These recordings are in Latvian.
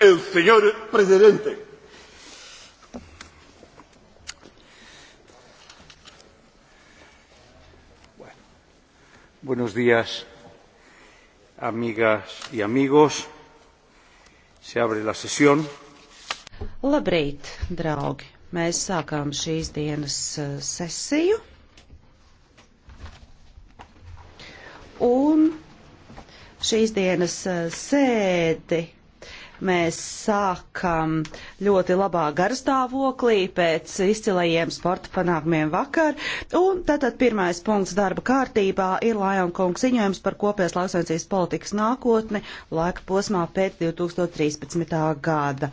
el señor presidente. Bueno, buenos días, amigas y amigos. Se abre la sesión. Labrīt, draugi! Mēs sākām šīs dienas eh, sesiju. Un šīs dienas eh, sēdi Mēs sākam ļoti labā garstāvoklī pēc izcilajiem sporta panākumiem vakar. Un tātad pirmais punkts darba kārtībā ir Lajona kungs ziņojums par kopējas lauksaimniecības politikas nākotni laika posmā pēc 2013. gada.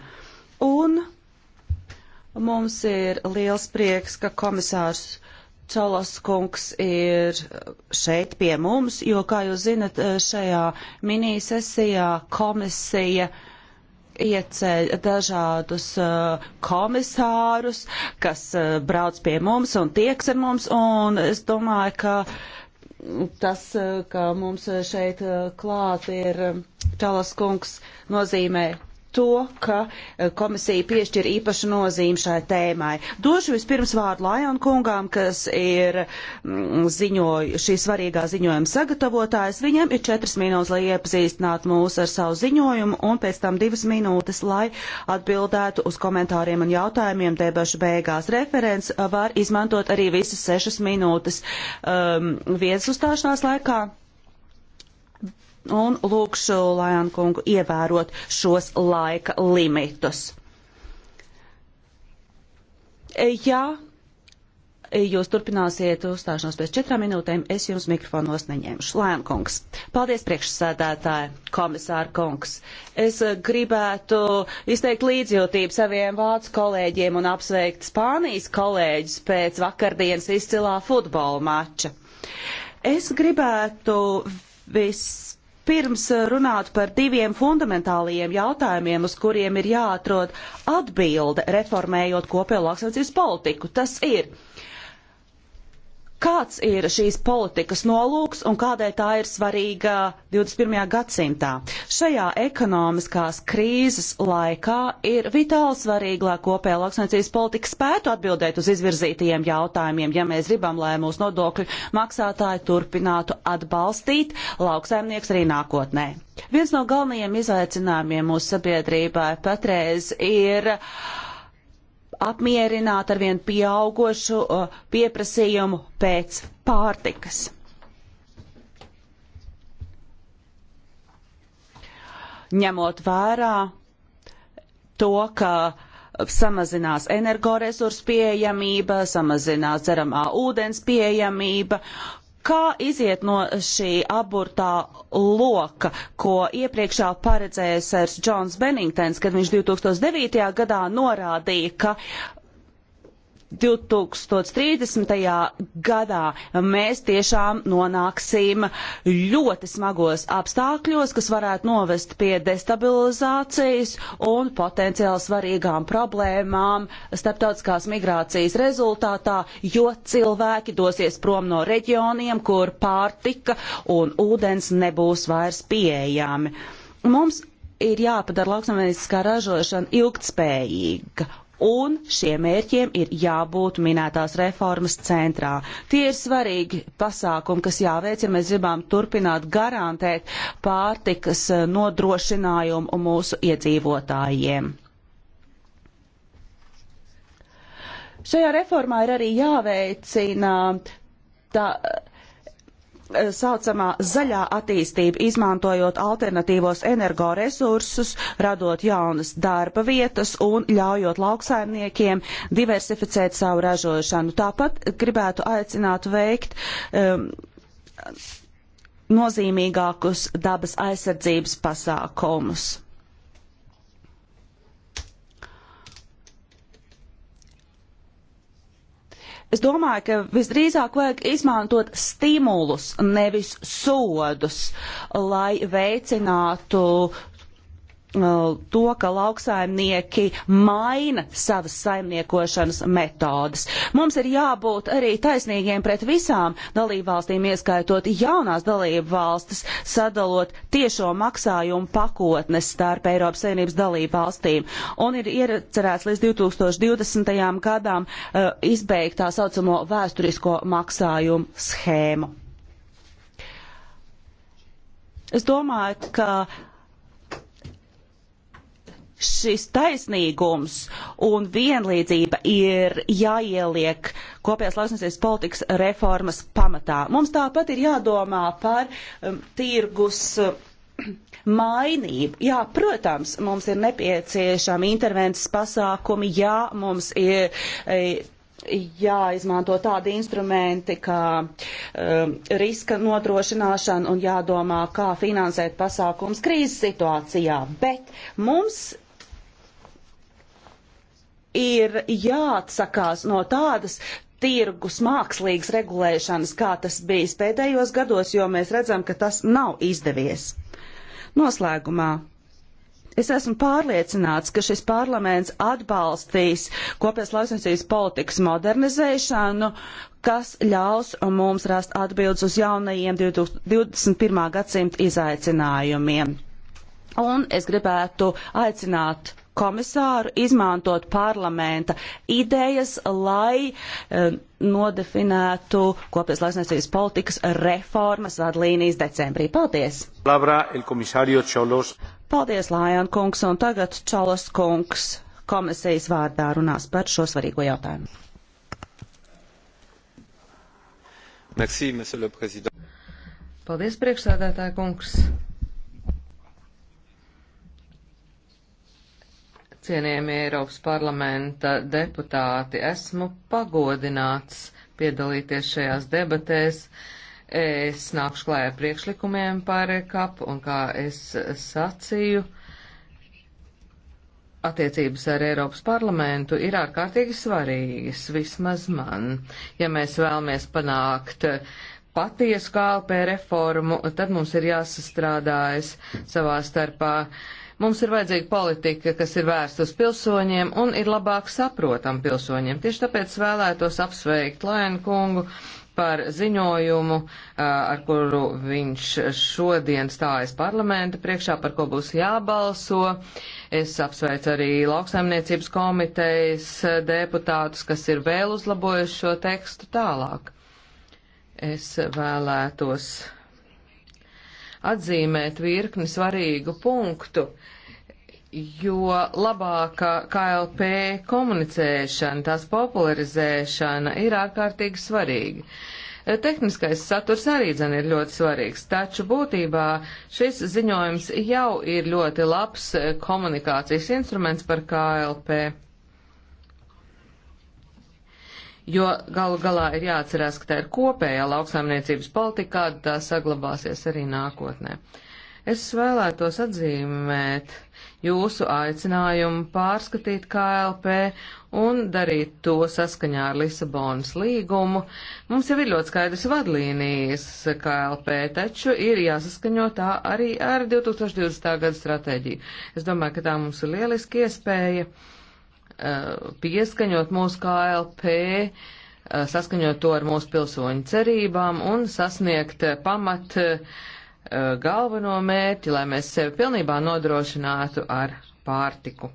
Un mums ir liels prieks, ka komisārs. Čalas kungs ir šeit pie mums, jo, kā jūs zinat, šajā minisesijā komisija uh, ieceļ dažādus uh, komisārus, kas uh, brauc pie mums un tieks ar mums, un es domāju, ka tas, uh, ka mums šeit klāt ir um, Čalas kungs, nozīmē to, ka e, komisija piešķir īpašu nozīmi šai tēmai. Došu vispirms vārdu Lajon kungām, kas ir mm, ziņoju, šī svarīgā ziņojuma sagatavotājs. Viņam ir četras minūtes, lai iepazīstinātu mūs ar savu ziņojumu, un pēc tam divas minūtes, lai atbildētu uz komentāriem un jautājumiem debašu beigās. Referents e, var izmantot arī visas sešas minūtes um, viens uzstāšanās laikā un lūkšu Lajankungu ievērot šos laika limitus. Ja jūs turpināsiet uzstāšanos pēc četrām minūtēm, es jums mikrofonos neņemšu. Lēn kungs. Paldies priekšsēdētāji, komisāra kungs. Es gribētu izteikt līdzjūtību saviem vācu kolēģiem un apsveikt Spānijas kolēģus pēc vakardienas izcilā futbola mača. Es gribētu viss pirms eh, runāt par diviem fundamentālajiem jautājumiem, uz kuriem ir jāatrod atbilde reformējot kopējo lauksaimniecības politiku. Tas ir Kāds ir šīs politikas nolūks un kādēļ tā ir svarīga 21. gadsimtā? Šajā ekonomiskās krīzes laikā ir vitāli svarīgi, lai kopējā lauksaimniecības politika spētu atbildēt uz izvirzītajiem jautājumiem, ja mēs gribam, lai mūsu nodokļu maksātāji turpinātu atbalstīt lauksaimnieks arī nākotnē. Viens no galvenajiem izaicinājumiem mūsu sabiedrībai patreiz ir uh, apmierināt ar vien pieaugošu uh, pieprasījumu pēc pārtikas. Ņemot vērā to, ka samazinās energoresursu pieejamība, samazinās dzeramā ūdens pieejamība kā iziet no šī aburtā loka, ko iepriekšā paredzēja Sērs Džons Benningtons, kad viņš 2009. gadā norādīja, ka 2030. gadā mēs tiešām nonāksim ļoti smagos apstākļos, kas varētu novest pie destabilizācijas un potenciāli svarīgām problēmām starptautiskās migrācijas rezultātā, jo cilvēki dosies prom no reģioniem, kur pārtika un ūdens nebūs vairs pieejami. Mums ir jāpadara lauksamnieciskā ražošana ilgtspējīga un šiem mērķiem ir jābūt minētās reformas centrā. Tie ir svarīgi pasākumi, kas jāveic, ja mēs gribam turpināt garantēt pārtikas eh, nodrošinājumu mūsu iedzīvotājiem. Šajā reformā ir arī jāveicina tā saucamā zaļā attīstība, izmantojot alternatīvos energoresursus, radot jaunas darba vietas un ļaujot lauksaimniekiem diversificēt savu ražošanu. Tāpat gribētu aicināt veikt um, nozīmīgākus dabas aizsardzības pasākumus. Es domāju, ka visdrīzāk vajag izmantot stimulus, nevis sodus, lai veicinātu Eh, to, ka lauksaimnieki maina savas saimniekošanas metodas. Mums ir jābūt arī taisnīgiem pret visām dalībvalstīm, ieskaitot jaunās dalībvalstis, sadalot tiešo maksājumu pakotnes starp Eiropas Savienības dalībvalstīm. Un ir iecerēts līdz 2020. gadām uh, izbeigt tā saucamo vēsturisko maksājumu schēmu. Es domāju, ka šis taisnīgums un vienlīdzība ir jāieliek kopējās lauksnesības politikas reformas pamatā. Mums tāpat ir jādomā par um, tirgus. Um, mainību. Jā, protams, mums ir nepieciešami intervences pasākumi, jā, mums ir e, jāizmanto tādi instrumenti kā um, riska nodrošināšana un jādomā, kā finansēt pasākums krīzes situācijā. Bet mums ir jāatsakās no tādas tirgus mākslīgas regulēšanas, kā tas bijis pēdējos gados, jo mēs redzam, ka tas nav izdevies. Noslēgumā. Es esmu pārliecināts, ka šis parlaments atbalstīs kopējas lauksaimniecības politikas modernizēšanu, kas ļaus mums rast atbildes uz jaunajiem 21. gadsimta izaicinājumiem. Un es gribētu aicināt komisāru izmantot parlamenta idejas, lai uh, nodefinētu kopējas lauksaimniecības politikas reformas vadlīnijas decembrī. Paldies! Labra, Paldies, Lājan kungs, un tagad Čalas kungs komisijas vārdā runās par šo svarīgo jautājumu. Merci, Paldies, priekšsādātāja kungs! Cienījamie Eiropas parlamenta deputāti, esmu pagodināts piedalīties šajās debatēs. Es nākšu klājā priekšlikumiem par ECAP un, kā es sacīju, attiecības ar Eiropas parlamentu ir ārkārtīgi svarīgas, vismaz man. Ja mēs vēlamies panākt patiesu KLP reformu, tad mums ir jāsastrādājas savā starpā Mums ir vajadzīga politika, kas ir vērsta uz pilsoņiem un ir labāk saprotam pilsoņiem. Tieši tāpēc vēlētos apsveikt Lēnu kungu par ziņojumu, ar kuru viņš šodien stājas parlamenta priekšā, par ko būs jābalso. Es apsveicu arī lauksaimniecības komitejas deputātus, kas ir vēl uzlabojuši šo tekstu tālāk. Es vēlētos atzīmēt virkni svarīgu punktu, jo labāka KLP komunicēšana, tās popularizēšana ir ārkārtīgi svarīga. Tehniskais saturs arī dzen ir ļoti svarīgs, taču būtībā šis ziņojums jau ir ļoti labs eh, komunikācijas instruments par KLP jo galu galā ir jāatcerās, ka tā ir kopējā lauksaimniecības politika, kāda tā saglabāsies arī nākotnē. Es vēlētos atzīmēt jūsu aicinājumu pārskatīt KLP un darīt to saskaņā ar Lisabonas līgumu. Mums jau ir ļoti skaidrs vadlīnijas KLP, taču ir jāsaskaņo tā arī ar 2020. gada stratēģiju. Es domāju, ka tā mums ir lieliski iespēja. Uh, Uh, pieskaņot mūsu KLP, uh, saskaņot to ar mūsu pilsoņu cerībām un sasniegt uh, pamat galveno mērķi, lai mēs sevi pilnībā nodrošinātu ar pārtiku.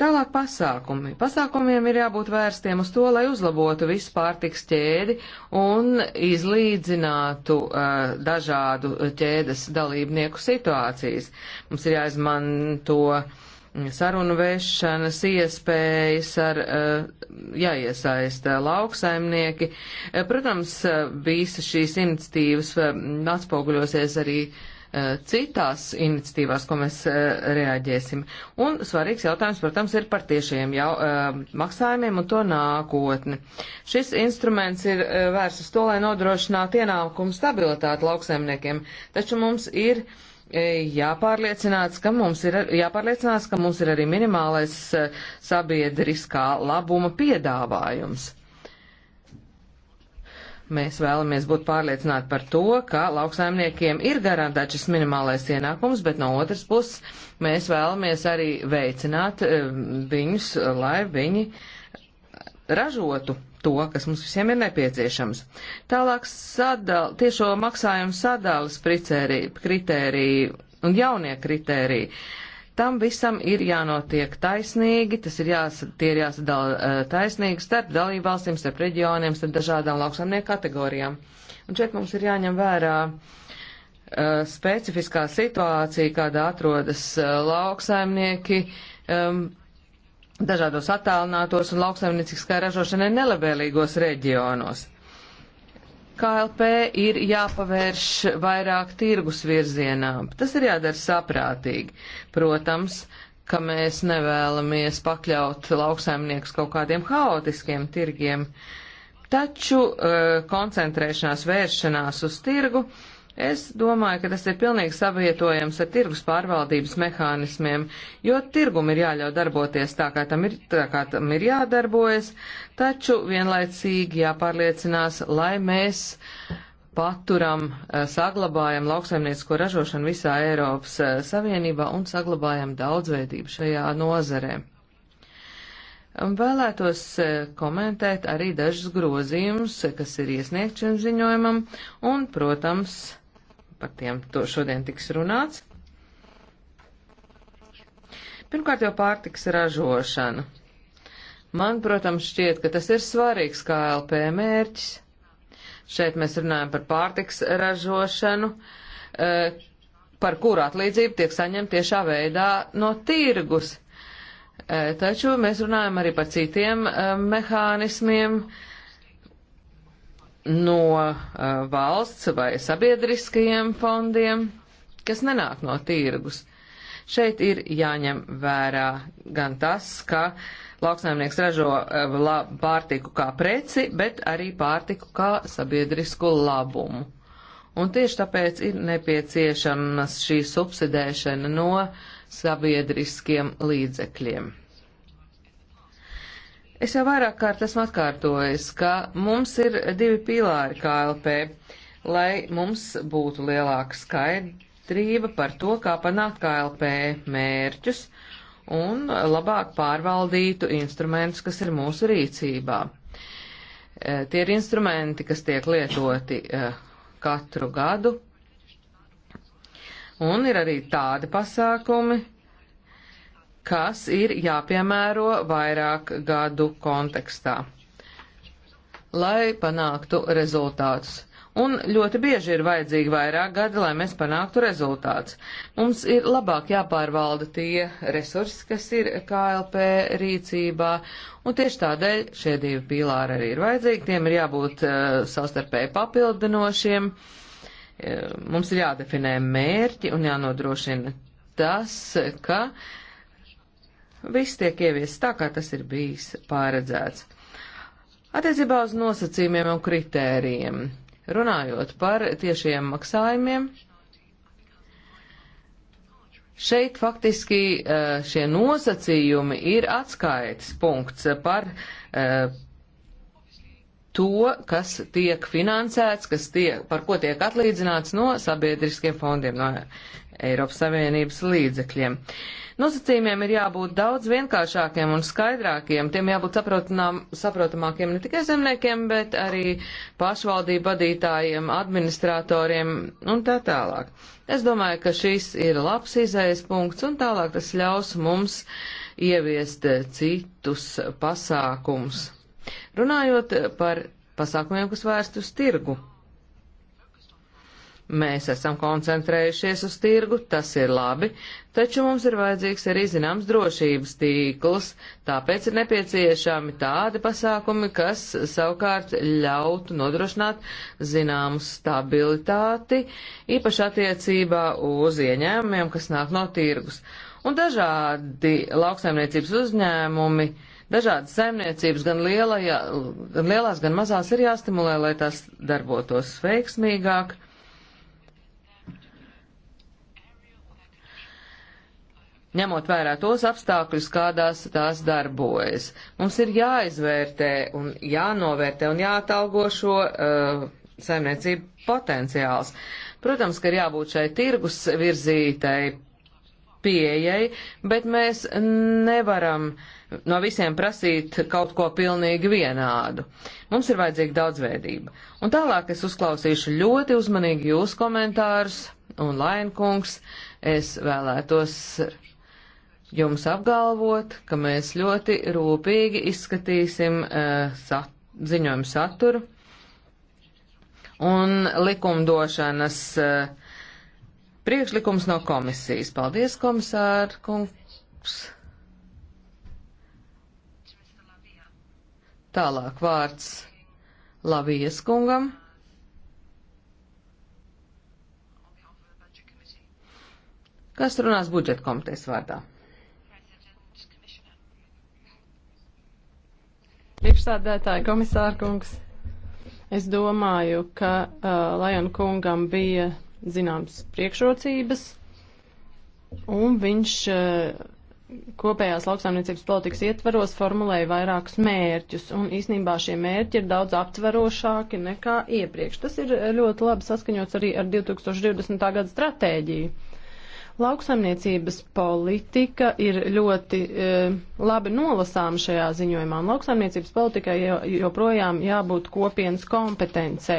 Tālāk pasākumi. Pasākumiem ir jābūt vērstiem uz to, lai uzlabotu visu pārtiks ķēdi un izlīdzinātu uh, dažādu ķēdes dalībnieku situācijas. Mums ir jāizmanto uh, sarunu vešanas iespējas ar eh, jāiesaista lauksaimnieki. Eh, protams, eh, visas šīs iniciatīvas atspoguļosies arī citās iniciatīvās, ko mēs reaģēsim. Un svarīgs jautājums, protams, ir par tiešiem jau, maksājumiem un to nākotni. Šis instruments ir vērsts uz to, lai nodrošinātu ienākumu stabilitāti lauksaimniekiem, taču mums ir uh, E, jāpārliecināts, ka mums ir, jāpārliecinās, ka mums ir arī minimālais e, sabiedriskā labuma piedāvājums. Mēs vēlamies būt pārliecināti par to, ka lauksaimniekiem ir garantēts šis minimālais ienākums, bet no otras puses mēs vēlamies arī veicināt e, viņus, lai viņi ražotu to, kas mums visiem ir nepieciešams. Tālāk sadal, tiešo maksājumu sadalas kritērija un jaunie kritērija. Tam visam ir jānotiek taisnīgi, tas ir jāsad, tie ir jāsadala eh, taisnīgi starp dalībvalstīm, starp reģioniem, starp dažādām lauksaimnieku kategorijām. Un šeit mums ir jāņem vērā eh, specifiskā situācija, kādā atrodas eh, lauksaimnieki, um, dažādos attālinātos un lauksaimnieciskā ražošanai nelabēlīgos reģionos. KLP ir jāpavērš vairāk tirgus virzienā. Tas ir jādara saprātīgi. Protams, ka mēs nevēlamies pakļaut lauksaimniekus kaut kādiem haotiskiem tirgiem, taču uh, koncentrēšanās vēršanās uz tirgu uh, Es domāju, ka tas ir pilnīgi savietojams ar tirgus pārvaldības mehānismiem, jo tirgum ir jāļauj darboties tā, kā tam ir, tā, kā tam ir jādarbojas, taču vienlaicīgi jāpārliecinās, lai mēs paturam, eh, saglabājam lauksaimniecisko ražošanu visā Eiropas eh, Savienībā un saglabājam daudzveidību šajā nozarē. Vēlētos eh, komentēt arī dažus grozījumus, kas ir iesniegts šim ziņojumam, un, protams, par tiem to šodien tiks runāts. Pirmkārt jau pārtiks ražošana. Man, protams, šķiet, ka tas ir svarīgs KLP mērķis. Šeit mēs runājam par pārtiks ražošanu, e, par kuru atlīdzību tiek saņemta tiešā veidā no tirgus. E, taču mēs runājam arī par citiem e, mehānismiem, uh, no uh, valsts vai sabiedriskajiem fondiem, kas nenāk no tirgus. Šeit ir jāņem vērā gan tas, ka lauksaimnieks ražo uh, la, pārtiku kā preci, bet arī pārtiku kā sabiedrisku labumu. Un tieši tāpēc ir nepieciešamas šī subsidēšana no sabiedriskiem līdzekļiem. Es jau vairāk kārt esmu atkārtojis, ka mums ir divi pīlāri KLP, lai mums būtu lielāka skaidrība par to, kā panākt KLP mērķus un labāk pārvaldītu instrumentus, kas ir mūsu rīcībā. E, tie ir instrumenti, kas tiek lietoti e, katru gadu, un ir arī tādi pasākumi, kas ir jāpiemēro vairāk gadu kontekstā, lai panāktu rezultātus. Un ļoti bieži ir vajadzīgi vairāk gadi, lai mēs panāktu rezultāts. Mums ir labāk jāpārvalda tie resursi, kas ir KLP rīcībā, un tieši tādēļ šie divi pīlāri arī ir vajadzīgi, tiem ir jābūt uh, savstarpēji papildinošiem. Uh, mums ir jādefinē mērķi un jānodrošina tas, ka uh, viss tiek ieviests tā, kā tas ir bijis pāredzēts. Attiecībā uz nosacījumiem un kritērijiem. Runājot par tiešiem maksājumiem, šeit faktiski eh, šie nosacījumi ir atskaites punkts par eh, to, kas tiek finansēts, kas tiek, par ko tiek atlīdzināts no sabiedriskiem fondiem, no Eiropas Savienības līdzekļiem. Nosacījumiem ir jābūt daudz vienkāršākiem un skaidrākiem, tiem jābūt saprotamākiem ne tikai zemniekiem, bet arī pašvaldību vadītājiem, administratoriem un tā tālāk. Es domāju, ka šis ir labs izējas punkts un tālāk tas ļaus mums ieviest citus pasākums. Runājot par pasākumiem, kas vērst uz tirgu. Mēs esam koncentrējušies uz tirgu, tas ir labi, taču mums ir vajadzīgs arī zināms drošības tīkls, tāpēc ir nepieciešami tādi pasākumi, kas savukārt ļautu nodrošināt zināmu stabilitāti, īpaši attiecībā uz ieņēmumiem, kas nāk no tirgus. Un dažādi lauksaimniecības uzņēmumi dažādas saimniecības, gan, lielajā, gan lielās, gan mazās, ir jāstimulē, lai tās darbotos veiksmīgāk. ņemot vērā tos apstākļus, kādās tās darbojas. Mums ir jāizvērtē un jānovērtē un jāatalgo šo uh, saimniecību potenciāls. Protams, ka ir jābūt šai tirgus virzītai pieejai, bet mēs nevaram no visiem prasīt kaut ko pilnīgi vienādu. Mums ir vajadzīga daudzveidība. Un tālāk es uzklausīšu ļoti uzmanīgi jūsu komentārus, un Lainkungs, es vēlētos jums apgalvot, ka mēs ļoti rūpīgi izskatīsim uh, sat, ziņojumu saturu un likumdošanas uh, priekšlikums no komisijas. Paldies, komisāra kungs. Tālāk vārds Lavijas kungam. Kas runās budžeta komitejas vārdā? Priekšsādētāji, komisārkungs, es domāju, ka uh, Lajana kungam bija zināmas priekšrocības, un viņš uh, kopējās lauksaimniecības politikas ietvaros formulēja vairākus mērķus, un īsnībā šie mērķi ir daudz aptverošāki nekā iepriekš. Tas ir ļoti labi saskaņots arī ar 2020. gada stratēģiju. Lauksaimniecības politika ir ļoti e, labi nolasām šajā ziņojumā. Lauksaimniecības politikai joprojām jābūt kopienas kompetencē.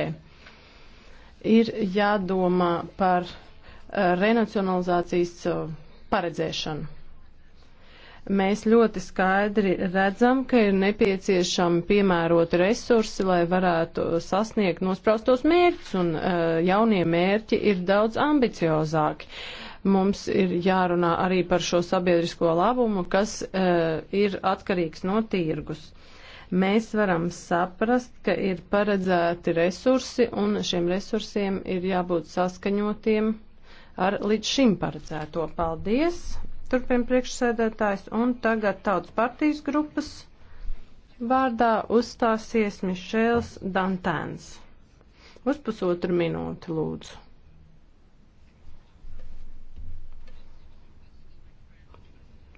Ir jādomā par e, renacionalizācijas e, paredzēšanu mēs ļoti skaidri redzam, ka ir nepieciešami piemēroti resursi, lai varētu sasniegt nospraustos mērķus, un uh, jaunie mērķi ir daudz ambiciozāki. Uh, Mums ir jārunā arī par šo sabiedrisko labumu, kas uh, ir atkarīgs no tirgus. Mēs varam saprast, ka ir paredzēti resursi, un šiem resursiem ir jābūt saskaņotiem ar līdz šim paredzēto. Paldies! Turpin priekšsēdētājs, un tagad tautas partijas grupas vārdā uzstāsies Mišēls Dantēns. Uz pusotru minūti, lūdzu.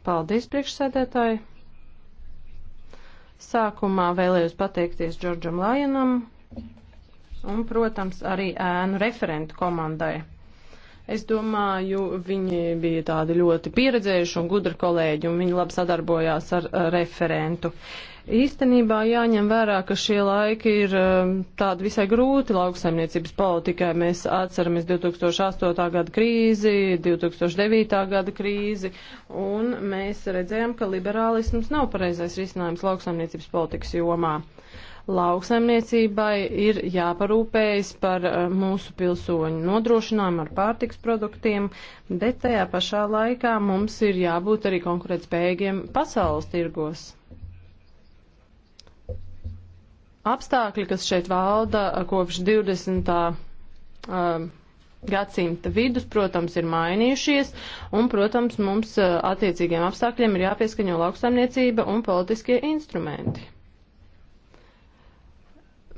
Paldies, priekšsēdētāji! Sākumā vēlējos pateikties Džordžam Lajanam un, protams, arī ēnu referentu komandai. Es domāju, viņi bija tādi ļoti pieredzējuši un gudri kolēģi, un viņi labi sadarbojās ar referentu. Īstenībā jāņem vērā, ka šie laiki ir um, tādi visai grūti lauksaimniecības politikai. Mēs atceramies 2008. gada krīzi, 2009. gada krīzi, un mēs redzējām, ka liberālisms nav pareizais risinājums lauksaimniecības politikas jomā. Lauksaimniecībai ir jāparūpējas par um, mūsu pilsoņu nodrošinājumu ar pārtiks produktiem, bet tajā pašā laikā mums ir jābūt arī konkurētspējīgiem pasaules tirgos apstākļi, kas šeit valda kopš 20. Um, gadsimta vidus, protams, ir mainījušies, un, protams, mums attiecīgiem apstākļiem ir jāpieskaņo lauksaimniecība un politiskie instrumenti.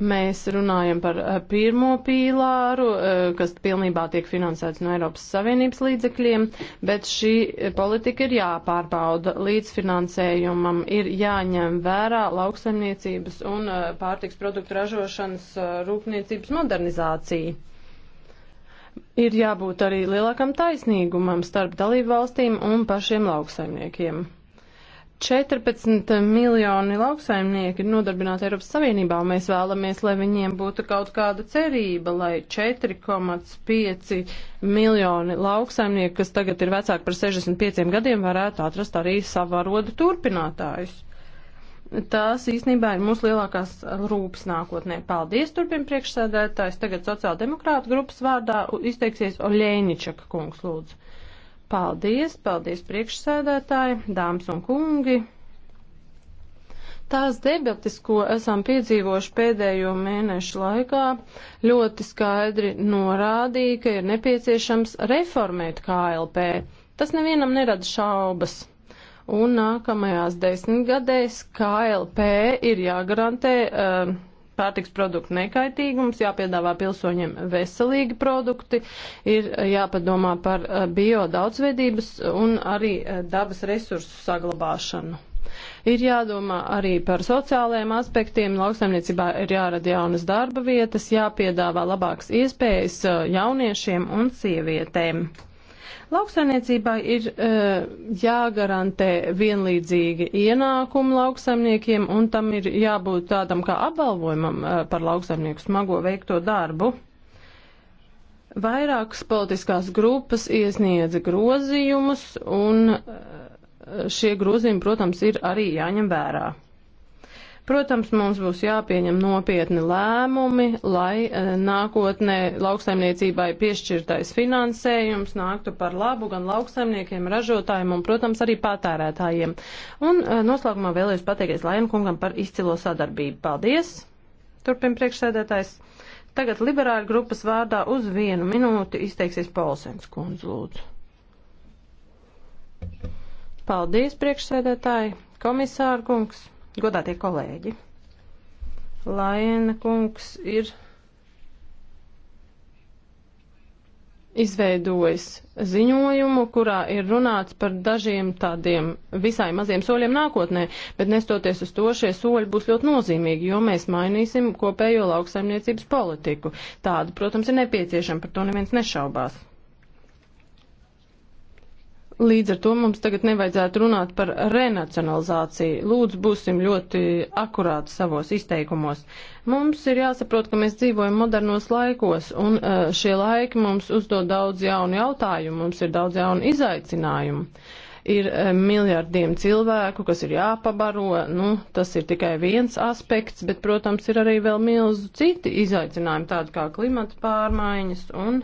Mēs runājam par eh, pirmo pīlāru, eh, kas pilnībā tiek finansēts no Eiropas Savienības līdzekļiem, bet šī politika ir jāpārbauda. Līdzfinansējumam ir jāņem vērā lauksaimniecības un eh, pārtiks produktu ražošanas rūpniecības modernizācija. Ir jābūt arī lielākam taisnīgumam starp dalību valstīm un pašiem lauksaimniekiem. 14 miljoni lauksaimnieki ir nodarbināti Eiropas Savienībā, un mēs vēlamies, lai viņiem būtu kaut kāda cerība, lai 4,5 miljoni lauksaimnieku, kas tagad ir vecāki par 65 gadiem, varētu atrast arī savā roda turpinātājus. Tās īstenībā ir mūsu lielākās rūpes nākotnē. Paldies, turpin priekšsēdētājs. Tagad sociāldemokrāta grupas vārdā izteiksies Oļēničaka kungs, lūdzu. Paldies, paldies priekšsēdētāji, dāmas un kungi. Tās debatas, ko esam piedzīvojuši pēdējo mēnešu laikā, ļoti skaidri norādīja, ka ir nepieciešams reformēt KLP. Tas nevienam nerada šaubas. Un nākamajās desmitgadēs KLP ir jāgarantē. Uh, pārtiks produktu nekaitīgums, jāpiedāvā pilsoņiem veselīgi produkti, ir jāpadomā par eh, bio daudzveidības un arī eh, dabas resursu saglabāšanu. Ir jādomā arī par sociālajiem aspektiem. Lauksaimniecībā ir jārada jaunas darba vietas, jāpiedāvā labākas iespējas eh, jauniešiem un sievietēm. Lauksaimniecībai ir uh, jāgarantē vienlīdzīgi ienākumi lauksaimniekiem, un tam ir jābūt tādam kā apbalvojumam uh, par lauksaimnieku smago veikto darbu. Vairākas politiskās grupas iesniedza grozījumus, un uh, šie grozījumi, protams, ir arī jāņem vērā. Protams, mums būs jāpieņem nopietni lēmumi, lai eh, nākotnē lauksaimniecībai piešķirtais finansējums nāktu par labu gan lauksaimniekiem, ražotājiem un, protams, arī patērētājiem. Un eh, noslēgumā vēlējos pateikties Lajankungam par izcilo sadarbību. Paldies! Turpin priekšsēdētājs. Tagad liberāļu grupas vārdā uz vienu minūti izteiksies Polsens kundz lūdzu. Paldies, priekšsēdētāji, komisārkungs godātie kolēģi. Laina kungs ir izveidojis ziņojumu, kurā ir runāts par dažiem tādiem visai maziem soļiem nākotnē, bet nestoties uz to, šie soļi būs ļoti nozīmīgi, jo mēs mainīsim kopējo lauksaimniecības politiku. Tāda, protams, ir nepieciešama, par to neviens nešaubās. Līdz ar to mums tagad nevajadzētu runāt par renacionalizāciju. Lūdzu, būsim ļoti akurāti savos izteikumos. Mums ir jāsaprot, ka mēs dzīvojam modernos laikos, un e, šie laiki mums uzdod daudz jaunu jautājumu, mums ir daudz jaunu izaicinājumu ir e, miljardiem cilvēku, kas ir jāpabaro. Nu, tas ir tikai viens aspekts, bet, protams, ir arī vēl milzu citi izaicinājumi, tādi kā klimata pārmaiņas un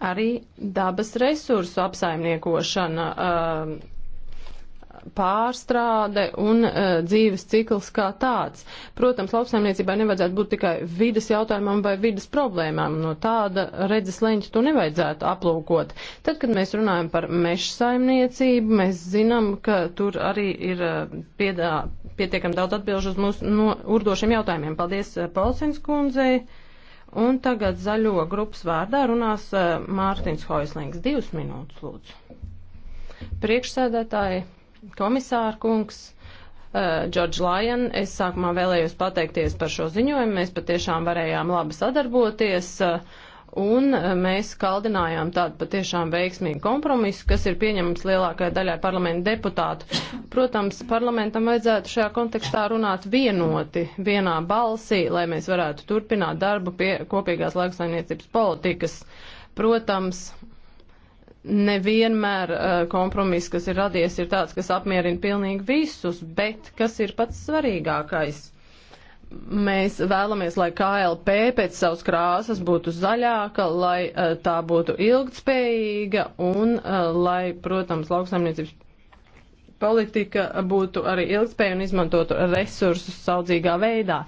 arī dabas resursu apsaimniekošana, um, pārstrāde un uh, dzīves cikls kā tāds. Protams, lauksaimniecībai nevajadzētu būt tikai vidas jautājumam vai vidas problēmām. No tāda redzes leņķa to nevajadzētu aplūkot. Tad, kad mēs runājam par meža saimniecību, mēs zinām, ka tur arī ir uh, piedā, pietiekam daudz atbilžu uz mūsu no, urdošiem jautājumiem. Paldies uh, Paulsens kundzei! Un tagad zaļo grupas vārdā runās eh, Mārtiņš Hoislings. Divas minūtes, lūdzu. Priekšsēdētāji, komisāra kungs. Džordž uh, Lajan, es sākumā vēlējos pateikties par šo ziņojumu. Mēs patiešām varējām labi sadarboties. Uh, un eh, mēs kaldinājām tādu patiešām veiksmīgu kompromisu, kas ir pieņemams lielākajai daļai parlamenta deputātu. Protams, parlamentam vajadzētu šajā kontekstā runāt vienoti, vienā balsī, lai mēs varētu turpināt darbu pie kopīgās lauksaimniecības politikas. Protams, nevienmēr uh, kompromiss, kas ir radies, ir tāds, kas apmierina pilnīgi visus, bet kas ir pats svarīgākais – mēs vēlamies, lai KLP pēc savas krāsas būtu zaļāka, lai uh, tā būtu ilgtspējīga un uh, lai, protams, lauksaimniecības politika būtu arī ilgspēja un izmantotu resursus saudzīgā veidā.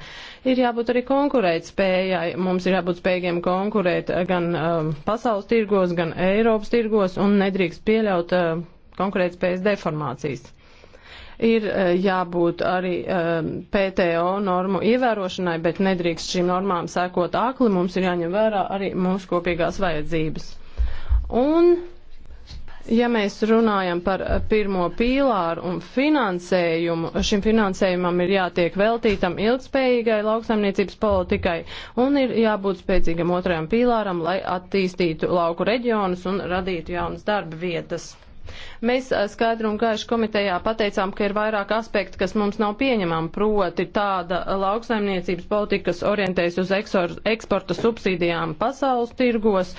Ir jābūt arī konkurēt spējai, mums ir jābūt spējīgiem konkurēt gan um, pasaules tirgos, gan Eiropas tirgos un nedrīkst pieļaut uh, konkurēt spējas deformācijas ir eh, jābūt arī eh, PTO normu ievērošanai, bet nedrīkst šīm normām sekot ākli, mums ir jāņem vērā arī mūsu kopīgās vajadzības. Un, ja mēs runājam par eh, pirmo pīlāru un finansējumu, šim finansējumam ir jātiek veltītam ilgspējīgai lauksaimniecības politikai un ir jābūt spēcīgam otrajam pīlāram, lai attīstītu lauku reģionus un radītu jaunas darba vietas. Mēs skaidru un gaišu komitejā pateicām, ka ir vairāk aspektu, kas mums nav pieņemami, proti tāda lauksaimniecības politika, kas orientējas uz eksporta subsīdijām pasaules tirgos,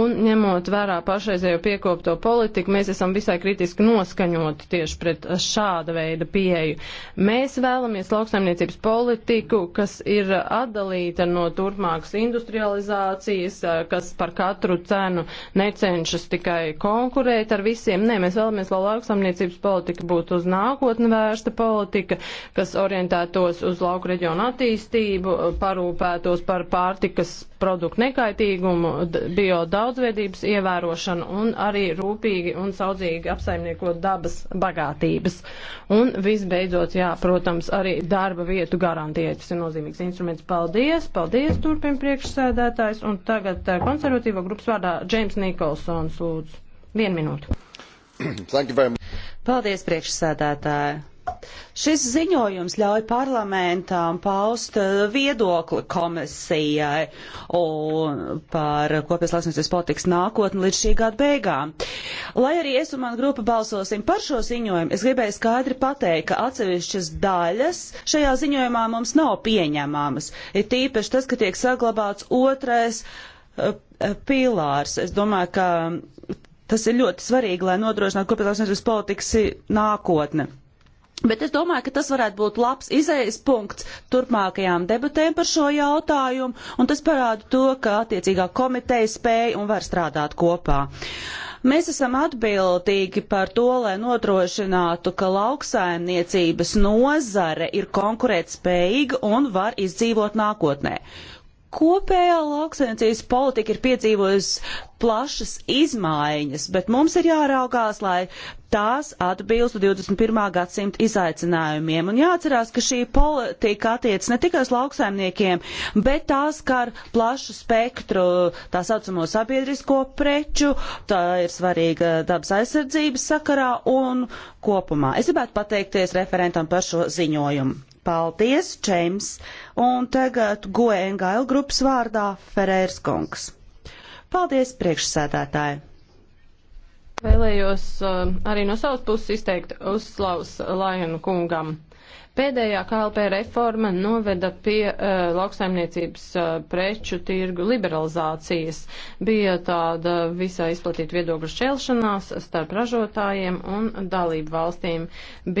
un ņemot vērā pašreizējo piekopto politiku, mēs esam visai kritiski noskaņoti tieši pret šāda veida pieeju. Mēs vēlamies lauksaimniecības politiku, kas ir atdalīta no turpmākas industrializācijas, kas par katru cenu necenšas tikai konkurēt ar visiem Nē, mēs vēlamies, lai lauksamniecības politika būtu uz nākotni vērsta politika, kas orientētos uz lauku reģionu attīstību, parūpētos par pārtikas produktu nekaitīgumu, bio daudzveidības ievērošanu un arī rūpīgi un saudzīgi apsaimniekot dabas bagātības. Un visbeidzot, jā, protams, arī darba vietu garantija. Tas ir nozīmīgs instruments. Paldies, paldies, turpin priekšsēdētājs. Un tagad eh, konservatīvo grupas vārdā Džeims Nikolsons lūdzu. Vienu minūtu. Paldies, priekšsēdētāji! Šis ziņojums ļauj parlamentām paust uh, viedokli komisijai par kopējas lauksaimniecības politikas nākotni līdz šī gada beigām. Lai arī es un mana grupa balsosim par šo ziņojumu, es gribēju skaidri pateikt, ka atsevišķas daļas šajā ziņojumā mums nav pieņemamas. Ir tīpaši tas, ka tiek saglabāts otrais uh, uh, pilārs. Es domāju, ka Tas ir ļoti svarīgi, lai nodrošinātu kopīgās nevis politikas nākotne. Bet es domāju, ka tas varētu būt labs izējas punkts turpmākajām debatēm par šo jautājumu, un tas parāda to, ka attiecīgā komiteja spēja un var strādāt kopā. Mēs esam atbildīgi par to, lai nodrošinātu, ka lauksaimniecības nozare ir konkurētspējīga un var izdzīvot nākotnē. Kopējā lauksaimniecības politika ir piedzīvojusi plašas izmaiņas, bet mums ir jāraugās, lai tās atbilstu 21. gadsimta izaicinājumiem. Un jāatcerās, ka šī politika attiec ne tikai uz lauksaimniekiem, bet tās skar plašu spektru tā saucamo sabiedrisko preču, tā ir svarīga dabas aizsardzības sakarā un kopumā. Es gribētu pateikties referentam par šo ziņojumu. Paldies, Čeims! Un tagad GoNGL grupas vārdā Ferērs Kongs. Paldies, priekšsēdētāji! Vēlējos uh, arī no savas puses izteikt uzslavas Lajanu kungam. Pēdējā KLP reforma noveda pie uh, lauksaimniecības uh, preču tirgu liberalizācijas. Bija tāda visai izplatīta viedokļu šķelšanās starp ražotājiem un dalību valstīm.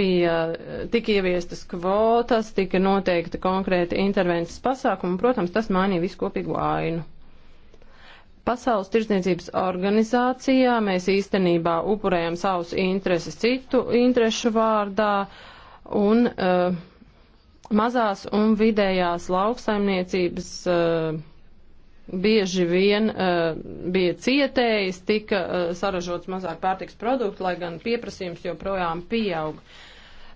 Bija uh, tik ieviestas kvotas, tika noteikti konkrēti intervences pasākumi, un, protams, tas mainīja viskopīgu ainu. Pasaules tirdzniecības organizācijā mēs īstenībā upurējam savus intereses citu interešu vārdā un uh, mazās un vidējās lauksaimniecības uh, bieži vien uh, bija cietējis, tika uh, saražots mazāk pārtiks produktu, lai gan pieprasījums joprojām pieauga. Uh,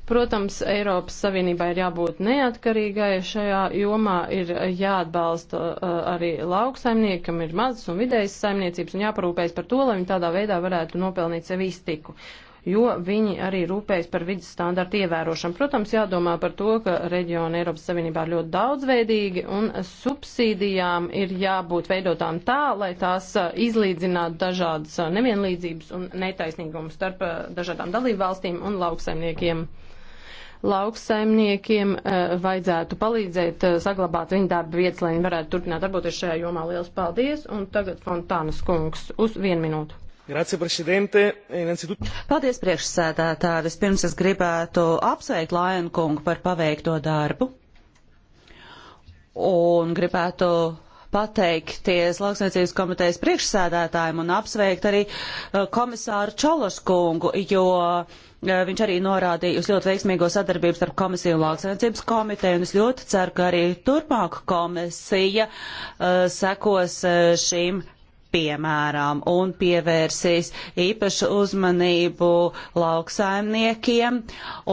Protams, Eiropas Savienībai ir jābūt neatkarīgai šajā jomā, ir jāatbalsta uh, arī lauksaimnieki, kam ir mazas un vidējas saimniecības, un jāparūpējas par to, lai viņi tādā veidā varētu nopelnīt sev iztiku jo viņi arī rūpējas par vidas standartu ievērošanu. Protams, jādomā par to, ka reģiona Eiropas Savienībā ir ļoti daudzveidīgi un subsīdijām ir jābūt veidotām tā, lai tās uh, izlīdzinātu dažādas uh, nevienlīdzības un netaisnīgumus starp dažādām dalībvalstīm un lauksaimniekiem lauksaimniekiem eh, vajadzētu palīdzēt eh, saglabāt viņu darba vietas, lai viņi varētu turpināt darboties šajā jomā. Liels paldies! Un tagad Fontānas kungs uz vienu minūtu. E, paldies, priekšsēdētāji! Vispirms es gribētu apsveikt Lajanu kungu par paveikto darbu un gribētu pateikties Lauksaimniecības komitejas priekšsēdētājiem un apsveikt arī eh, komisāru Čološkungu, jo Eh, viņš arī norādīja uz ļoti veiksmīgo sadarbību starp komisiju un lauksaimniecības komiteju, un es ļoti ceru, ka arī turpmāk komisija uh, sekos uh, šīm piemēram un pievērsīs īpašu uzmanību lauksaimniekiem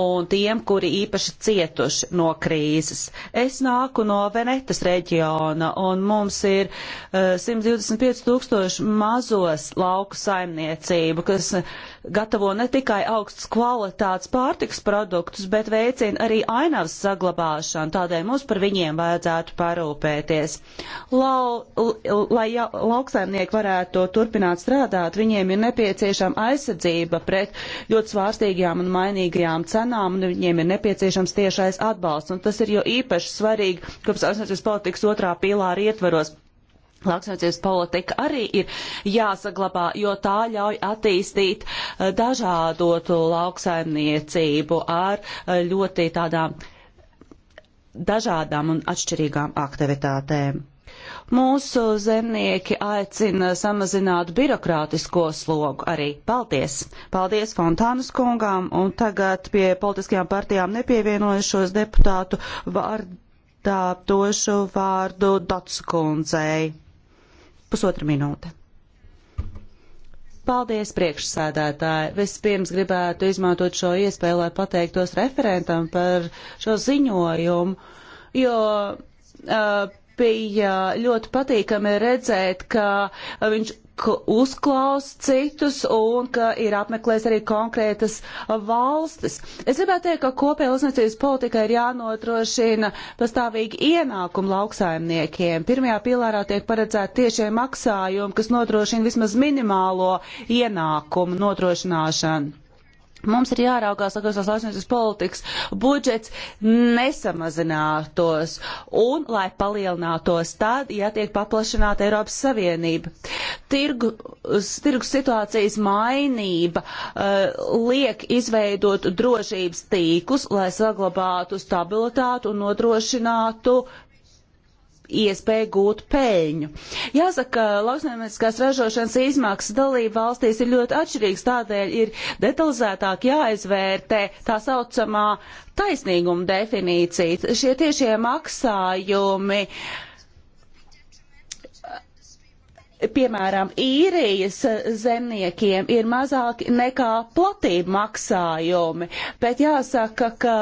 un tiem, kuri īpaši cietuši no krīzes. Es nāku no Venetas reģiona un mums ir uh, 125 tūkstoši mazos lauku saimniecību, kas uh, gatavo ne tikai augsts kvalitātes pārtiks produktus, bet veicina arī ainavas saglabāšanu, tādēļ mums par viņiem vajadzētu parūpēties. Lau, lai ja, lauksaimnieki varētu turpināt strādāt, viņiem ir nepieciešama aizsardzība pret ļoti svārstīgajām un mainīgajām cenām, un viņiem ir nepieciešams tiešais atbalsts, un tas ir jo īpaši svarīgi, kopš aizsardzības politikas otrā pīlāra ietveros. Lauksaimniecības politika arī ir jāsaglabā, jo tā ļauj attīstīt eh, dažādotu lauksaimniecību ar eh, ļoti tādām dažādām un atšķirīgām aktivitātēm. Mūsu zemnieki aicina samazināt birokrātisko slogu arī. Paldies! Paldies Fontānas kungām un tagad pie politiskajām partijām nepievienojušos deputātu vārdā došu vārdu Dotskundzei. Pusotra minūte. Paldies, priekšsēdētāji! Vispirms gribētu izmantot šo iespēju, lai pateiktos referentam par šo ziņojumu, jo uh, bija ļoti patīkami redzēt, ka viņš uzklaus citus un ka ir apmeklējis arī konkrētas valstis. Es gribētu teikt, ka kopējā uzniecības politika ir jānotrošina pastāvīgi ienākumu lauksaimniekiem. Pirmajā pilārā tiek paredzēta tiešie maksājumi, kas nodrošina vismaz minimālo ienākumu nodrošināšanu. Mums ir jāraugās, lai tās lauksnes politikas budžets nesamazinātos un lai palielinātos tad, ja tiek paplašināta Eiropas Savienība. Tirgu, tirgus situācijas mainība uh, liek izveidot drošības tīklus, lai saglabātu stabilitātu un nodrošinātu iespēju gūt peļņu. Jāsaka, lauksaimnieciskās ražošanas izmaksas dalība valstīs ir ļoti atšķirīgas, tādēļ ir detalizētāk jāizvērtē tā saucamā taisnīguma definīcija. Šie tiešie maksājumi uh, piemēram, īrijas zemniekiem ir mazāk nekā platība maksājumi, bet jāsaka, ka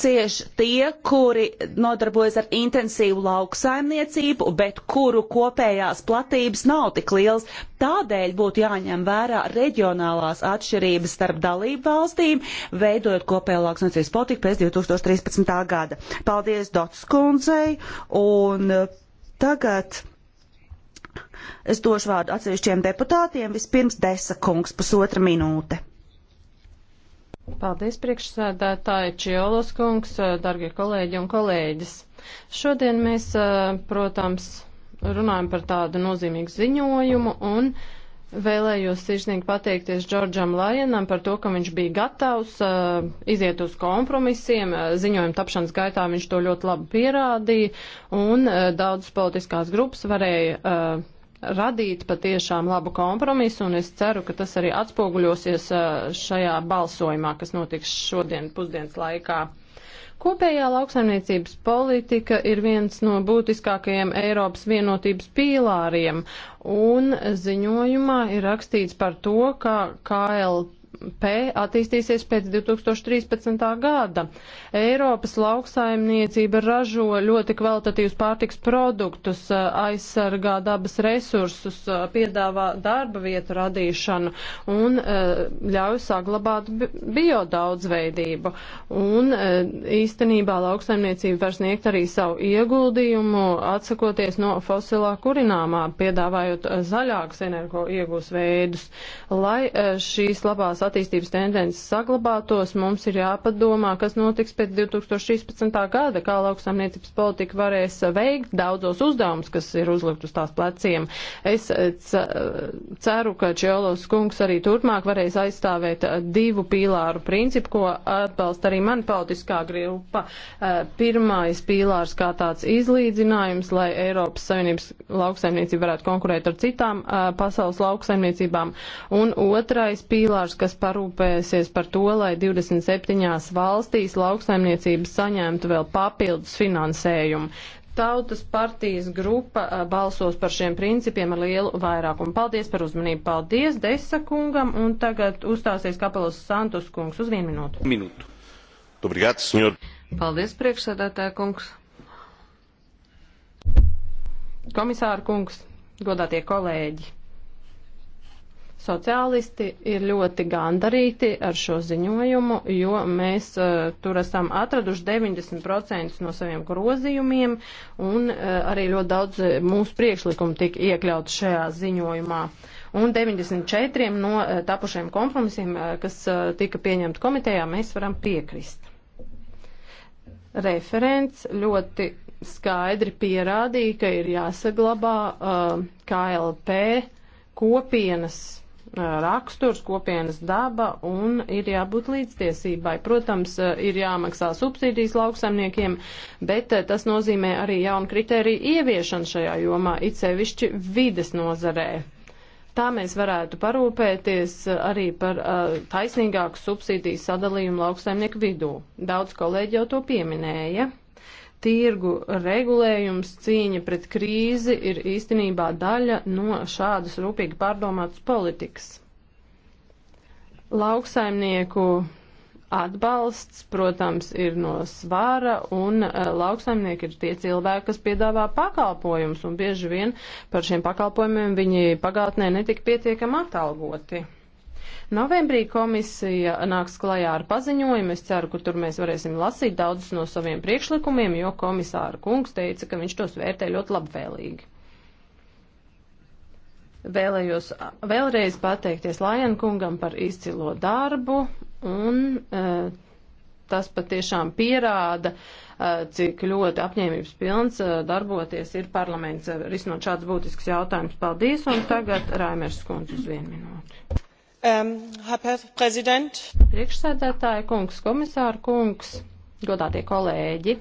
cieš tie, kuri nodarbojas ar intensīvu lauksaimniecību, bet kuru kopējās platības nav tik liels. Tādēļ būtu jāņem vērā reģionālās atšķirības starp dalību valstīm, veidojot kopēju lauksaimniecības politiku pēc 2013. gada. Paldies Dotskundzei un tagad. Es došu vārdu atsevišķiem deputātiem. Vispirms Desa kungs, pusotra minūte. Paldies, priekšsēdētāji Čiolos kungs, dargie kolēģi un kolēģis. Šodien mēs, eh, protams, runājam par tādu nozīmīgu ziņojumu un Vēlējos sirsnīgi pateikties Džordžam Lajanam par to, ka viņš bija gatavs uh, iziet uz kompromisiem. Ziņojuma tapšanas gaitā viņš to ļoti labi pierādīja, un uh, daudzas politiskās grupas varēja uh, radīt patiešām labu kompromisu, un es ceru, ka tas arī atspoguļosies šajā balsojumā, kas notiks šodien pusdienas laikā. Kopējā lauksaimniecības politika ir viens no būtiskākajiem Eiropas vienotības pīlāriem, un ziņojumā ir rakstīts par to, ka KLP KLP attīstīsies pēc 2013. gada. Eiropas lauksaimniecība ražo ļoti kvalitatīvus pārtiks produktus, aizsargā dabas resursus, piedāvā darba vietu radīšanu un e, ļauj saglabāt biodaudzveidību. Un e, īstenībā lauksaimniecība var sniegt arī savu ieguldījumu, atsakoties no fosilā kurināmā, piedāvājot e, zaļākus energo iegūs veidus, lai šīs labās attīstības tendences saglabātos, mums ir jāpadomā, kas notiks pēc 2016. gada, kā lauksaimniecības politika varēs veikt daudzos uzdevumus, kas ir uzlikt uz tās pleciem. Es eh, eh, ceru, ka Čiolovs kungs arī turpmāk varēs aizstāvēt eh, divu pīlāru principu, ko atbalsta arī man politiskā grupa. Pirmais pīlārs kā tāds izlīdzinājums, lai Eiropas Savienības lauksaimniecība varētu konkurēt ar citām pasaules lauksaimniecībām. Un otrais pīlārs, kas kas parūpēsies par to, lai 27 valstīs lauksaimniecības saņemtu vēl papildus finansējumu. Tautas partijas grupa eh, balsos par šiem principiem ar lielu vairākumu. Paldies par uzmanību. Paldies Desa kungam un tagad uzstāsies kapelos Santus kungs uz vienu minūtu. Minūtu. Obrigāt, senjor. Paldies, priekšsēdētāja kungs. Komisāra kungs, godātie kolēģi. Sociālisti ir ļoti gandarīti ar šo ziņojumu, jo mēs uh, tur esam atraduši 90% no saviem grozījumiem, un uh, arī ļoti daudz eh, mūsu priekšlikumu tika iekļaut šajā ziņojumā. Un 94 no uh, tapušiem kompromisiem, uh, kas uh, tika pieņemti komitejā, mēs varam piekrist. Referents ļoti skaidri pierādīja, ka ir jāsaglabā uh, KLP kopienas raksturs, kopienas daba un ir jābūt līdztiesībai. Protams, ir jāmaksā subsīdijas lauksaimniekiem, bet tas nozīmē arī jaunu kritēriju ieviešanu šajā jomā, it sevišķi vides nozarē. Tā mēs varētu parūpēties arī par uh, taisnīgāku subsīdiju sadalījumu lauksaimnieku vidū. Daudz kolēģi jau to pieminēja. Ja? tirgu regulējums, cīņa pret krīzi ir īstenībā daļa no šādas rūpīgi pārdomātas politikas. Lauksaimnieku atbalsts, protams, ir no svara, un e, lauksaimnieki ir tie cilvēki, kas piedāvā pakalpojumus, un bieži vien par šiem pakalpojumiem viņi pagātnē netika pietiekami atalgoti. Novembrī komisija nāks klajā ar paziņojumu. Es ceru, ka tur mēs varēsim lasīt daudzus no saviem priekšlikumiem, jo komisāra kungs teica, ka viņš tos vērtē ļoti labvēlīgi. Vēlējos vēlreiz pateikties Lajan kungam par izcilo darbu un e, tas patiešām pierāda, e, cik ļoti apņēmības pilns e, darboties ir parlaments e, risinot šāds būtisks jautājums. Paldies un tagad Raimers kundze uz vienu minūti. Um, Priekšsēdētāja kungs, komisāra kungs. Godātie kolēģi,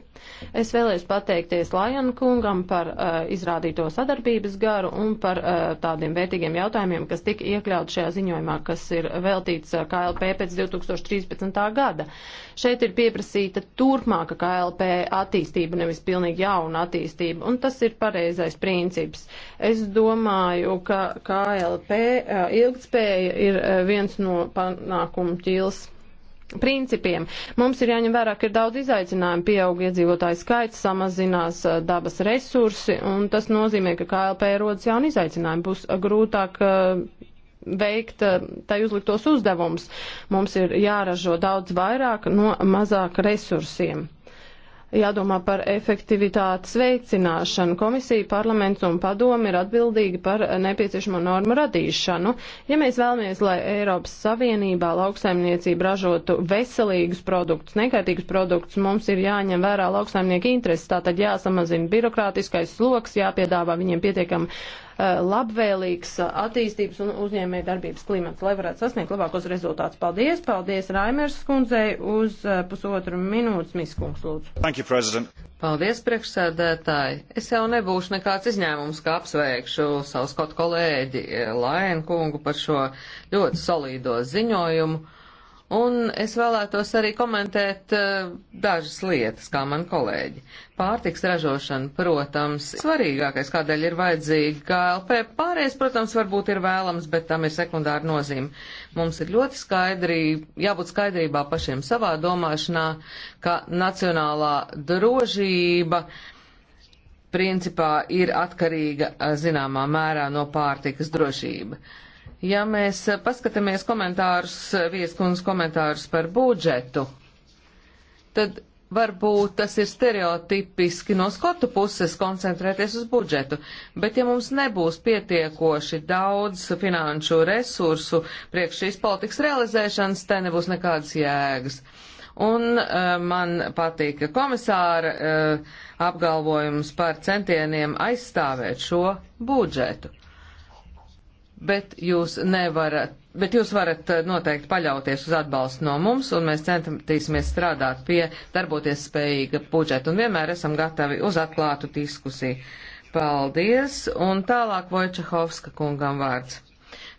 es vēlējos pateikties Lajana kungam par uh, izrādīto sadarbības garu un par uh, tādiem vērtīgiem jautājumiem, kas tika iekļaut šajā ziņojumā, kas ir veltīts uh, eh, KLP pēc 2013. gada. Šeit ir pieprasīta turpmāka KLP attīstība, nevis pilnīgi jauna attīstība, un tas ir pareizais princips. Es domāju, ka KLP uh, ilgtspēja ir uh, viens no panākumu ķils principiem. Mums ir jāņem vērā, ka ir daudz izaicinājumu, pieaug iedzīvotāju skaits, samazinās uh, dabas resursi, un tas nozīmē, ka KLP rodas jauni izaicinājumi. Būs uh, grūtāk uh, veikt tai uzliktos uzdevumus. Mums ir jāražo daudz vairāk no mazāk resursiem jādomā par efektivitātes veicināšanu. Komisija, parlaments un padomi ir atbildīgi par nepieciešamo normu radīšanu. Ja mēs vēlamies, lai Eiropas Savienībā lauksaimniecība ražotu veselīgus produktus, nekaitīgus produktus, mums ir jāņem vērā lauksaimnieku intereses. Tātad jāsamazina birokrātiskais sloks, jāpiedāvā viņiem pietiekami Eh, labvēlīgs eh, attīstības un uzņēmē darbības klimats, lai varētu sasniegt labākos rezultātus. Paldies, paldies Raimers skundzei uz eh, pusotru minūtes miskungs lūdzu. Thank you, President. Paldies, priekšsēdētāji. Es jau nebūšu nekāds izņēmums, kā apsveikšu savus kaut kolēģi Lainu kungu par šo ļoti solīdo ziņojumu Un es vēlētos arī komentēt uh, dažas lietas, kā man kolēģi. Pārtiks ražošana, protams, svarīgākais, kādēļ ir vajadzīga KLP. Pārējais, protams, varbūt ir vēlams, bet tam ir sekundāra nozīme. Mums ir ļoti skaidri, jābūt skaidrībā pašiem savā domāšanā, ka nacionālā drošība principā ir atkarīga eh, zināmā mērā no pārtikas drošība. Uh, Ja mēs paskatāmies komentārus, vieskundas komentārus par budžetu, tad varbūt tas ir stereotipiski no skotu puses koncentrēties uz budžetu, bet ja mums nebūs pietiekoši daudz finanšu resursu priekš šīs politikas realizēšanas, te nebūs nekādas jēgas. Un uh, man patīk komisāra uh, apgalvojums par centieniem aizstāvēt šo budžetu bet jūs nevarat, bet jūs varat eh, noteikti paļauties uz atbalstu no mums, un mēs centīsimies strādāt pie darboties spējīga budžeta, un vienmēr esam gatavi uz atklātu diskusiju. Paldies, un tālāk Vojčehovska kungam vārds.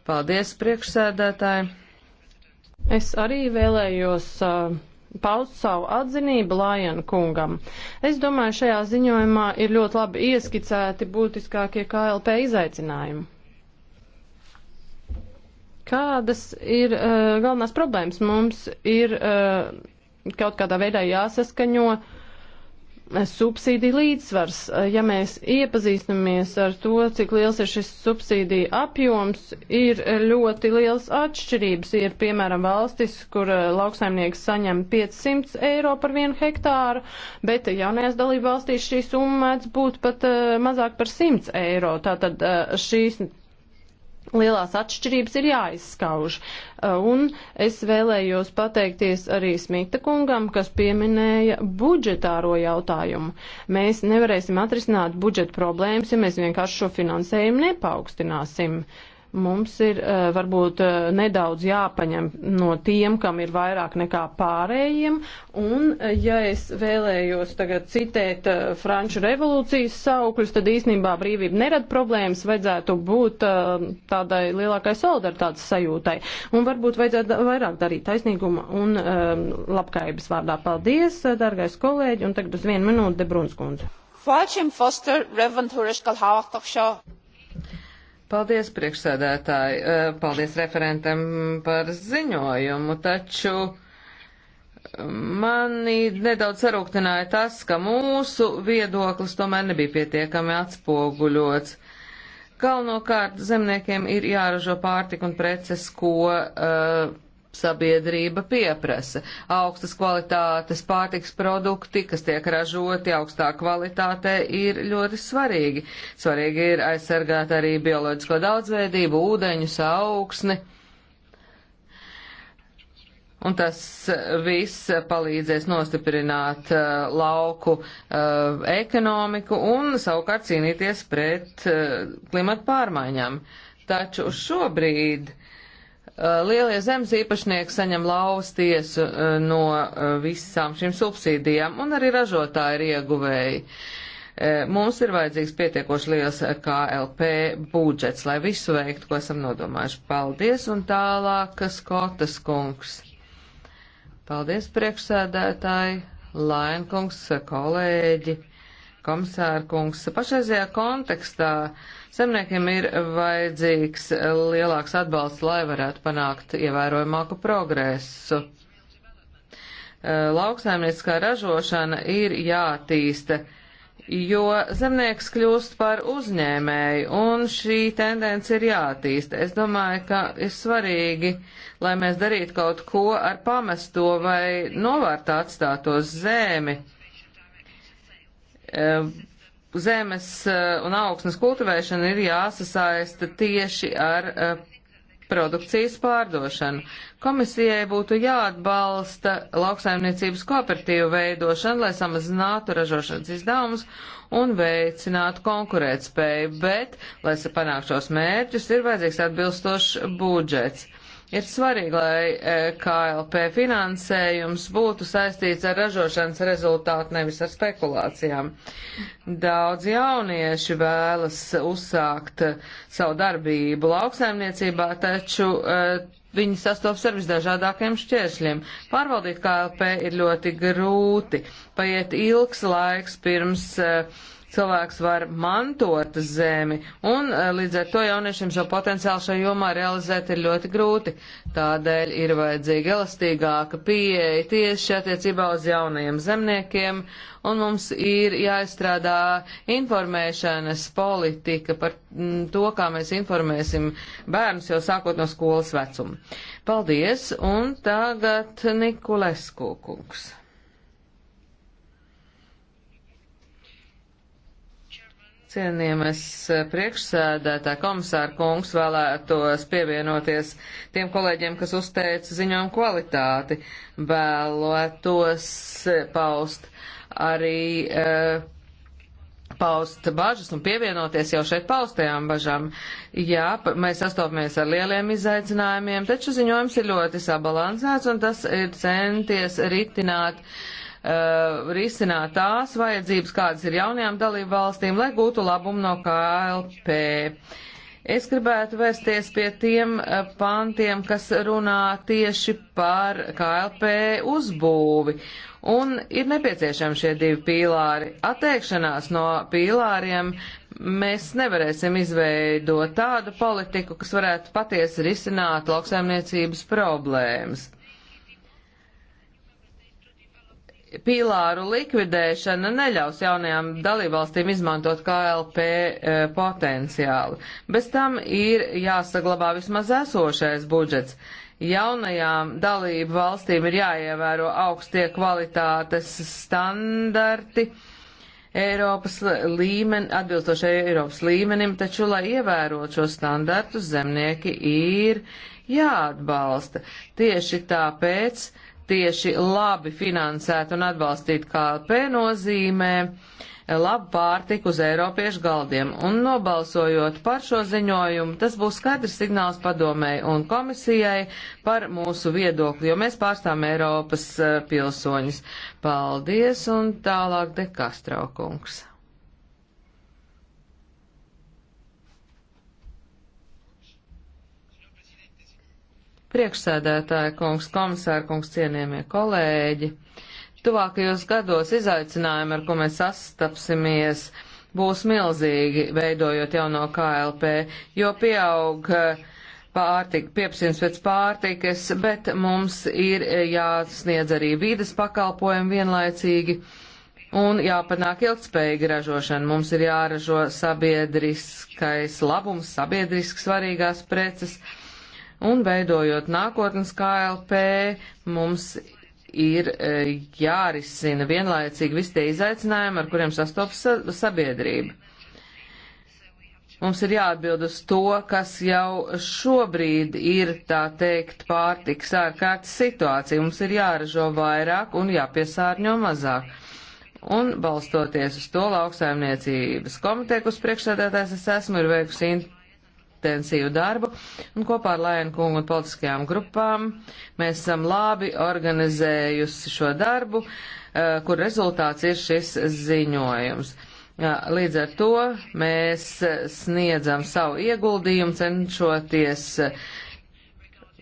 Paldies, priekšsēdētāji. Es arī vēlējos uh, paust savu atzinību Lajana kungam. Es domāju, šajā ziņojumā ir ļoti labi ieskicēti būtiskākie KLP izaicinājumi. Kādas ir uh, galvenās problēmas? Mums ir uh, kaut kādā veidā jāsaskaņo uh, eh, subsīdiju līdzsvars. Ja mēs iepazīstamies ar to, cik liels ir šis subsīdiju apjoms, ir ļoti liels atšķirības. Ir, piemēram, valstis, kur lauksaimnieks saņem 500 eiro par vienu hektāru, bet jaunajās dalību valstīs šī summa mēdz būt pat mazāk par 100 eiro. Tātad šīs lielās atšķirības ir jāizskauž. Uh, un es vēlējos pateikties arī Smita kungam, kas pieminēja budžetāro jautājumu. Mēs nevarēsim atrisināt budžeta problēmas, ja mēs vienkārši šo finansējumu nepaukstināsim. Uh, mums ir eh, varbūt eh, nedaudz jāpaņem no tiem, kam ir vairāk nekā pārējiem. Un, eh, ja es vēlējos tagad citēt Franču revolūcijas saukļus, tad īstenībā brīvība nerada problēmas, vajadzētu būt tādai lielākai solidaritātes sajūtai. Un varbūt vajadzētu vairāk darīt taisnīguma un labkaibas vārdā. Paldies, dargais kolēģi, un tagad uz vienu minūti Debruns kundze. Facem Foster, Reventuresh Kalhāvaktakšā. Paldies priekšsēdētāji, eh, paldies referentam par ziņojumu, taču mani nedaudz sarūktināja tas, ka mūsu viedoklis tomēr nebija pietiekami atspoguļots. Galvenokārt zemniekiem ir jāražo pārtika un preces, ko uh, sabiedrība pieprasa. Augstas kvalitātes pārtiks produkti, kas tiek ražoti augstā kvalitātē, ir ļoti svarīgi. Svarīgi ir aizsargāt arī bioloģisko daudzveidību, ūdeņus, augsni. Un tas viss palīdzēs nostiprināt uh, lauku uh, ekonomiku un savukārt cīnīties pret uh, klimatu pārmaiņām. Taču šobrīd uh, Eh, lielie zemes īpašnieki saņem lauvas tiesu eh, no eh, visām šīm subsīdijām, un arī ražotāji ir ieguvēji. Mums ir vajadzīgs pietiekoši liels KLP budžets, lai visu veiktu, ko esam nodomājuši. Paldies, un tālāk Skotas kungs. Paldies, priekšsēdētāji, Lainkungs, kolēģi. Komisārkungs, pašreizajā kontekstā zemniekiem ir vajadzīgs lielāks atbalsts, lai varētu panākt ievērojamāku progresu. Eh, lauksaimnieciskā ražošana ir jātīsta, jo zemnieks kļūst par uzņēmēju, un šī tendence ir jātīsta. Es domāju, ka ir svarīgi, lai mēs darītu kaut ko ar pamesto vai novārtā atstātos zemi. Uh, Eh, zemes eh, un augsnes kultivēšana ir jāsasaista tieši ar eh, produkcijas pārdošanu. Komisijai būtu jāatbalsta lauksaimniecības kooperatīvu veidošanu, lai samazinātu ražošanas izdevumus un veicinātu konkurētspēju, bet, lai panāktu šos mērķus, ir vajadzīgs atbilstošs budžets. Ir svarīgi, lai e, KLP finansējums būtu saistīts ar ražošanas rezultātu, nevis ar spekulācijām. Daudz jaunieši vēlas uzsākt savu darbību lauksaimniecībā, taču e, viņi sastopas ar visdažādākiem šķēršļiem. Pārvaldīt KLP ir ļoti grūti. Paiet ilgs laiks pirms uh, cilvēks var mantot zemi, un eh, līdz ar to jauniešiem šo potenciālu šajā jomā realizēt ir ļoti grūti. Tādēļ ir vajadzīga elastīgāka pieeja tieši attiecībā uz jaunajiem zemniekiem, un mums ir jāizstrādā informēšanas politika par mm, to, kā mēs informēsim bērnus jau sākot no skolas vecuma. Paldies, un tagad Nikolesku kungs. Cienījamies eh, priekšsēdētā komisāra kungs vēlētos pievienoties tiem kolēģiem, kas uzteica ziņojumu kvalitāti, vēlētos eh, paust arī eh, paust bažas un pievienoties jau šeit paustajām bažām. Jā, mēs sastopamies ar lieliem izaicinājumiem, taču ziņojums ir ļoti sabalansēts un tas ir centies ritināt uh, uh, risināt tās vajadzības, kādas ir jaunajām dalību valstīm, lai gūtu labumu no KLP. Es gribētu vērsties pie tiem uh, pantiem, kas runā tieši par KLP uzbūvi. Un ir nepieciešami šie divi pīlāri. Atteikšanās no pīlāriem mēs nevarēsim izveidot tādu politiku, kas varētu patiesi risināt lauksaimniecības problēmas. pīlāru likvidēšana neļaus jaunajām dalībvalstīm izmantot KLP e, potenciālu. Bez tam ir jāsaglabā vismaz esošais budžets. Jaunajām dalību valstīm ir jāievēro augstie kvalitātes standarti Eiropas līmeni, atbilstoši Eiropas līmenim, taču, lai ievērotu šo standartu, zemnieki ir jāatbalsta. Tieši tāpēc, uh, tieši labi finansēt un atbalstīt KLP nozīmē labu pārtiku uz Eiropiešu galdiem. Un nobalsojot par šo ziņojumu, tas būs skaidrs signāls padomēji un komisijai par mūsu viedokli, jo mēs pārstāvam Eiropas eh, pilsoņus. Paldies un tālāk Dekastraukungs. Priekšsēdētāja kungs, komisāra kungs, cienījamie kolēģi, tuvākajos gados izaicinājumi, ar ko mēs sastapsimies, būs milzīgi, veidojot jauno KLP, jo pieaug eh, pārtika, pieprasījums pēc pārtikas, bet mums ir eh, jāsniedz arī vīdes pakalpojumi vienlaicīgi un jāpanāk ilgspējīga ražošana. Mums ir jāražo sabiedriskais labums, sabiedriski svarīgās preces. Un veidojot nākotnes KLP, mums ir e, jārisina vienlaicīgi visi tie izaicinājumi, ar kuriem sastopas sabiedrība. Mums ir jāatbild uz to, kas jau šobrīd ir, tā teikt, pārtiks ārkārtas situācija. Mums ir jāražo vairāk un jāpiesārņo mazāk. Un balstoties uz to lauksaimniecības komiteja, kuras priekšsēdētājs es esmu, ir veikusi intensīvu darbu, un kopā ar Lēnu kungu un politiskajām grupām mēs esam labi organizējusi šo darbu, eh, kur rezultāts ir šis ziņojums. Eh, līdz ar to mēs sniedzam savu ieguldījumu, cenšoties eh,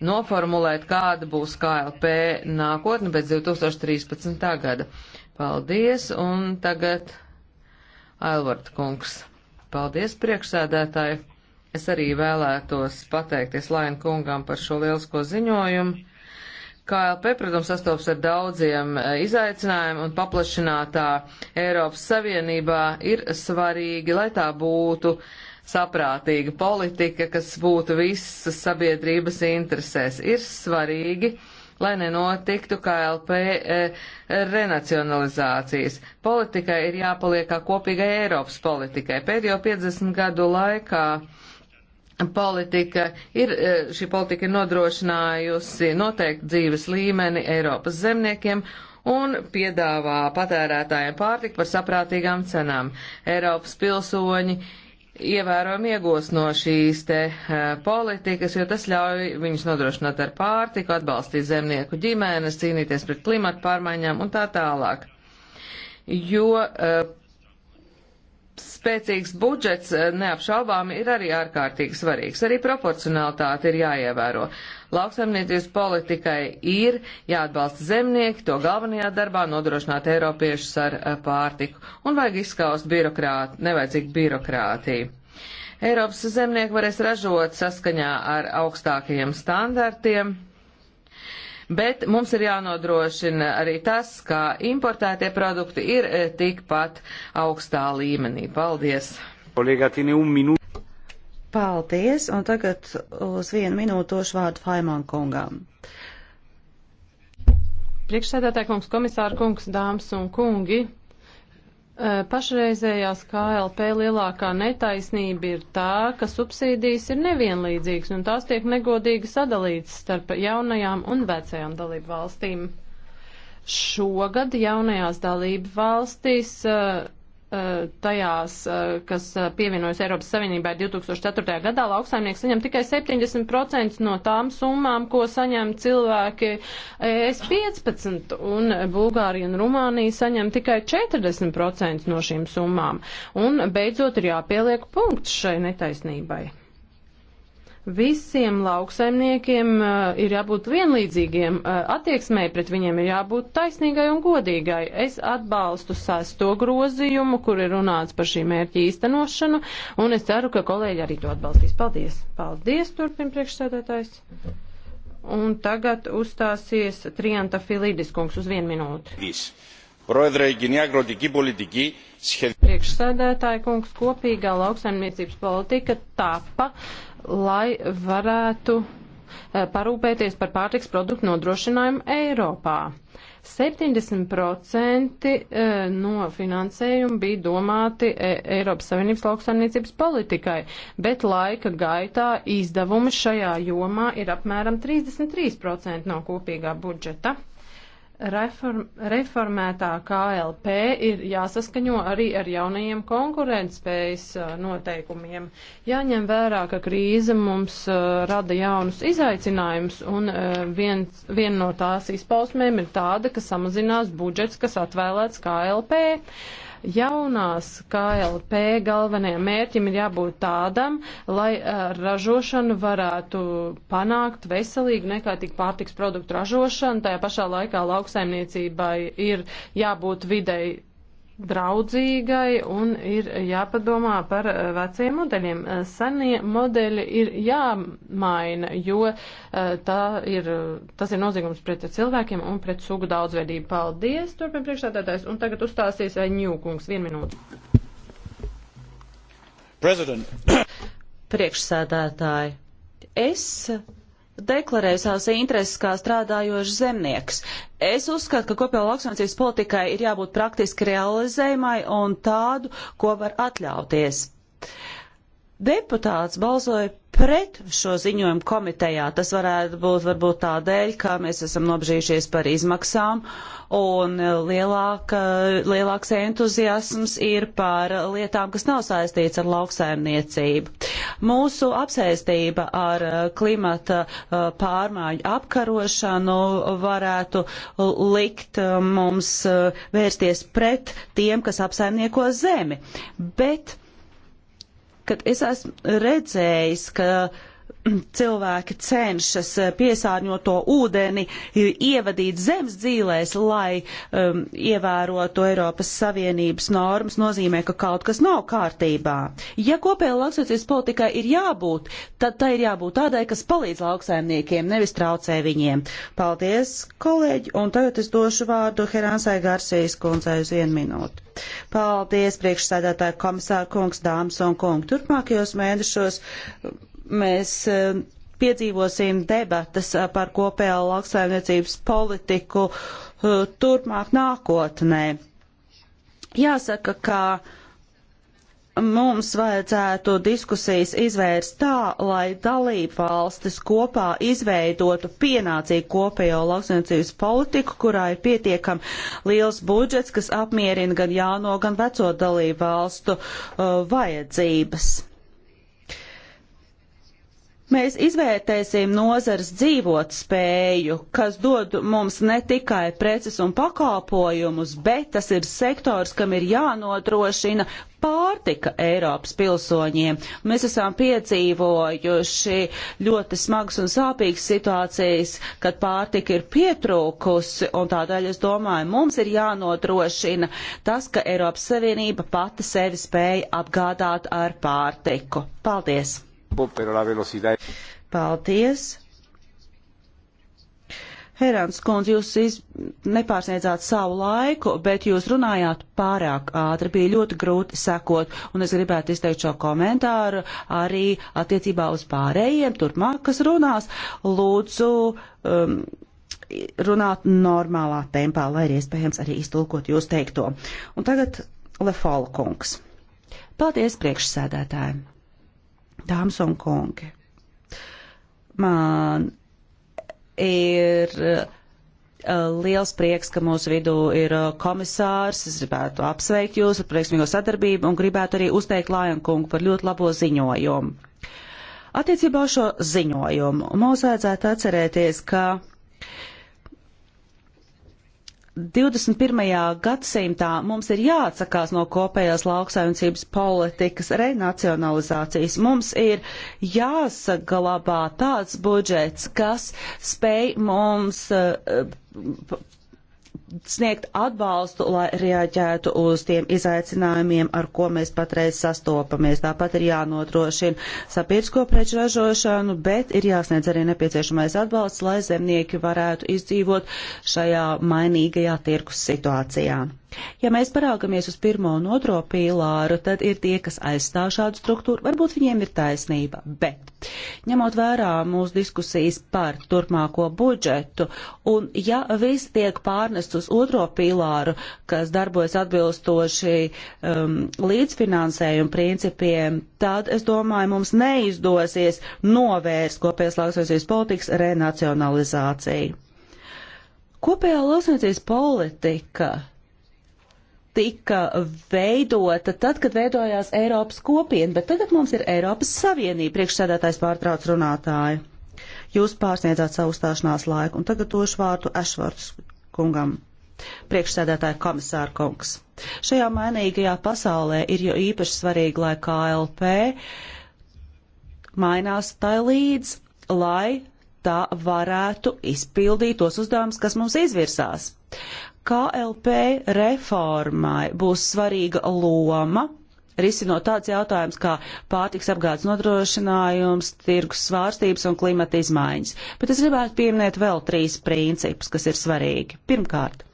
noformulēt, kāda būs KLP nākotne pēc 2013. gada. Paldies, un tagad Ailvart kungs. Paldies, priekšsēdētāji. Es arī vēlētos pateikties Laina kungam par šo lielisko ziņojumu. KLP, protams, sastopas ar daudziem e, izaicinājumiem un paplašinātā Eiropas Savienībā ir svarīgi, lai tā būtu saprātīga politika, kas būtu visas sabiedrības interesēs. Ir svarīgi, lai nenotiktu KLP e, renacionalizācijas. Politikai ir jāpaliek kā kopīgai Eiropas politikai. Pēdējo 50 gadu laikā politika ir, e, šī politika ir nodrošinājusi noteikti dzīves līmeni Eiropas zemniekiem un piedāvā patērētājiem pārtiku par saprātīgām cenām. Eiropas pilsoņi ievērojami iegūs no šīs te uh, politikas, jo tas ļauj viņus nodrošināt ar pārtiku, atbalstīt zemnieku ģimenes, cīnīties pret klimatu pārmaiņām un tā tālāk. Jo uh, spēcīgs budžets eh, neapšaubām ir arī ārkārtīgi svarīgs. Arī proporcionalitāte ir jāievēro. Lauksaimniecības politikai ir jāatbalsta zemnieki, to galvenajā darbā nodrošināt eiropiešus ar eh, pārtiku. Un vajag izskaust birokrāt, nevajadzīgu birokrātiju. Eiropas zemnieki varēs ražot saskaņā ar augstākajiem standartiem Bet mums ir jānodrošina arī tas, ka importētie produkti ir eh, tikpat augstā līmenī. Paldies! Kolēgatini, un minūte. Paldies, un tagad uz vienu minūtošu vārdu Faiman kungām. Priekšsēdētāji kungs, komisāra kungs, dāmas un kungi pašreizējās KLP lielākā netaisnība ir tā, ka subsīdijas ir nevienlīdzīgas un tās tiek negodīgi sadalītas starp jaunajām un vecajām dalību valstīm. Šogad jaunajās dalību valstīs uh, Eh, tajās, eh, kas eh, pievienojas Eiropas Savienībai 2004. gadā, lauksaimnieks saņem tikai 70% no tām summām, ko saņem cilvēki ES 15, un Bulgārija un Rumānija saņem tikai 40% no šīm summām. Un beidzot ir jāpieliek punkts šai netaisnībai visiem lauksaimniekiem uh, ir jābūt vienlīdzīgiem, uh, eh, attieksmē pret viņiem ir jābūt taisnīgai un godīgai. Es atbalstu sesto grozījumu, kur ir runāts par šī mērķa īstenošanu, un es ceru, ka kolēģi arī to atbalstīs. Paldies! Paldies, turpin priekšsēdētājs! Un tagad uzstāsies Trianta Filidis kungs uz vienu minūti. Viss. Proedre, Ginjā, Grotiki, politiki, Priekšsēdētāja kungs kopīgā lauksaimniecības politika tapa uh, lai varētu eh, parūpēties par pārtiks produktu nodrošinājumu Eiropā. 70% eh, no finansējuma bija domāti eh, Eiropas Savienības lauksaimniecības politikai, bet laika gaitā izdevumi šajā jomā ir apmēram 33% no kopīgā budžeta reform, reformētā KLP ir jāsaskaņo arī ar jaunajiem konkurētspējas uh, noteikumiem. Jāņem vērā, ka krīze mums uh, rada jaunus izaicinājumus, un uh, viens, viena no tās izpausmēm ir tāda, ka samazinās budžets, kas atvēlēts KLP. Uh, Jaunās KLP galvenajam mērķim ir jābūt tādam, lai ražošanu varētu panākt veselīgu nekaitīgu pārtiks produktu ražošanu, tajā pašā laikā lauksaimniecībai ir jābūt videi draudzīgai un ir jāpadomā par eh, veciem modeļiem. Eh, senie modeļi ir jāmaina, jo eh, ir, tas ir noziegums pret cilvēkiem un pret sugu daudzveidību. Paldies, turpin priekšsēdētājs, un tagad uzstāsies Ņūkungs. Vienu minūti. President. Priekšsēdētāji, es deklarēju savas intereses kā strādājošs zemnieks. Es uzskatu, ka kopējo lauksaimniecības politikai ir jābūt praktiski realizējumai un tādu, ko var atļauties. Deputāts balsoja pret šo ziņojumu komitejā. Tas varētu būt varbūt tādēļ, ka mēs esam nobrīžies par izmaksām un lielāk, lielāks entuziasms ir par lietām, kas nav saistīts ar lauksaimniecību. Mūsu apsēstība ar eh, klimata eh, pārmaiņu apkarošanu varētu likt eh, mums vērsties pret tiem, kas apsaimnieko zemi. Bet kad es esmu redzējis, ka uh, cilvēki cenšas eh, piesārņoto ūdeni ievadīt zemes dzīvēs, lai um, ievērotu Eiropas Savienības normas, nozīmē, ka kaut kas nav kārtībā. Ja kopējā lauksaimniecības politikai ir jābūt, tad tai ir jābūt tādai, kas palīdz lauksaimniekiem, nevis traucē viņiem. Paldies, kolēģi, un tagad es došu vārdu Herānsai Garsijas kundzei uz vienu minūti. Paldies, priekšsēdētāji komisāra kungs, dāmas un kungi. Turpmākajos mēnešos mēs e, piedzīvosim debatas e, par kopējā lauksaimniecības politiku e, turpmāk nākotnē. Jāsaka, ka mums vajadzētu diskusijas izvērst tā, lai dalību valstis kopā izveidotu pienācīgu kopējo lauksaimniecības politiku, kurā ir pietiekam liels budžets, kas apmierina gan jauno, gan veco dalību valstu uh, vajadzības. Mēs izvērtēsim nozars dzīvot spēju, kas dod mums ne tikai preces un pakalpojumus, bet tas ir sektors, kam ir jānodrošina pārtika Eiropas pilsoņiem. Mēs esam piedzīvojuši ļoti smagas un sāpīgas situācijas, kad pārtika ir pietrūkusi, un tādēļ es domāju, mums ir jānodrošina tas, ka Eiropas Savienība pati sevi spēja apgādāt ar pārtiku. Paldies! Paldies! Herāns kundze, jūs iz... nepārsniedzāt savu laiku, bet jūs runājāt pārāk ātri, bija ļoti grūti sekot, un es gribētu izteikt šo komentāru arī attiecībā uz pārējiem turpmāk, kas runās. Lūdzu, um, runāt normālā tempā, lai ir iespējams arī iztulkot jūs teikto. Un tagad Lefola kungs. Paldies priekšsēdētājiem! dāmas un kungi. Man ir eh, liels prieks, ka mūsu vidū ir eh, komisārs. Es gribētu apsveikt jūs ar prieksmīgo sadarbību un gribētu arī uzteikt Lajankungu par ļoti labo ziņojumu. Attiecībā uz šo ziņojumu mums vajadzētu atcerēties, ka 21. gadsimtā mums ir jāatsakās no kopējās lauksaimniecības politikas renacionalizācijas. Mums ir jāsaglabā tāds budžets, kas spēj mums eh, sniegt atbalstu, lai reaģētu uz tiem izaicinājumiem, ar ko mēs patreiz sastopamies. Tāpat ir jānodrošina sapirsko preču ražošanu, bet ir jāsniedz arī nepieciešamais atbalsts, lai zemnieki varētu izdzīvot šajā mainīgajā tirkus situācijā. Ja mēs paraugamies uz pirmo un otro pīlāru, tad ir tie, kas aizstāv šādu struktūru, varbūt viņiem ir taisnība, bet ņemot vērā mūsu diskusijas par turpmāko budžetu, un ja viss tiek pārnests uz otro pīlāru, kas darbojas atbilstoši um, līdzfinansējumu principiem, tad es domāju, mums neizdosies novērst kopējas lauksaimniecības politikas renacionalizāciju. Kopējā lauksaimniecības politika tika veidota tad, kad veidojās Eiropas kopiena, bet tagad mums ir Eiropas Savienība, priekšsēdētājs pārtrauc runātāju. Jūs pārsniedzāt savu uzstāšanās laiku, un tagad došu vārdu Ešvarts kungam, priekšsēdētāja komisāra kungs. Šajā mainīgajā pasaulē ir jo īpaši svarīgi, lai KLP mainās tai līdz, lai tā varētu izpildīt tos uzdevumus, kas mums izvirsās. KLP reformai būs svarīga loma risinot tāds jautājums kā pārtiks apgādes nodrošinājums, tirgus svārstības un klimata izmaiņas. Bet es gribētu pieminēt vēl trīs principus, kas ir svarīgi. Pirmkārt,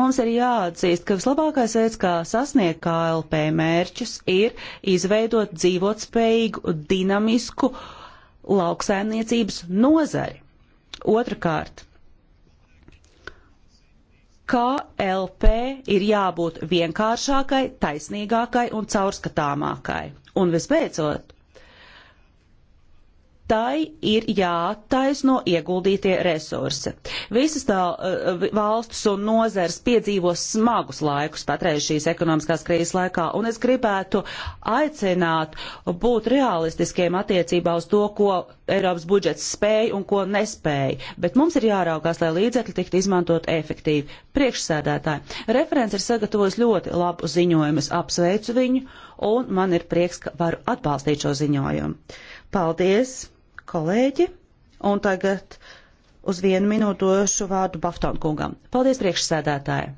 mums ir jāatzīst, ka vislabākais veids, kā sasniegt KLP mērķus, ir izveidot dzīvotspējīgu, dinamisku lauksaimniecības nozari. Otrakārt, KLP ir jābūt vienkāršākai, taisnīgākai un caurskatāmākai. Un visbeidzot, tai ir jātaisno ieguldītie resursi. Visas tā eh, valsts un nozars piedzīvo smagus laikus patreiz šīs ekonomiskās krīzes laikā, un es gribētu aicināt būt realistiskiem attiecībā uz to, ko Eiropas budžets spēja un ko nespēja, bet mums ir jāraugās, lai līdzekļi tiktu izmantot efektīvi. Priekšsēdētāji, referents ir sagatavojis ļoti labu ziņojumu, es apsveicu viņu, un man ir prieks, ka varu atbalstīt šo ziņojumu. Paldies! kolēģi, un tagad uz vienu minūtu došu vārdu Baftonu kungam. Paldies priekšsēdētāji!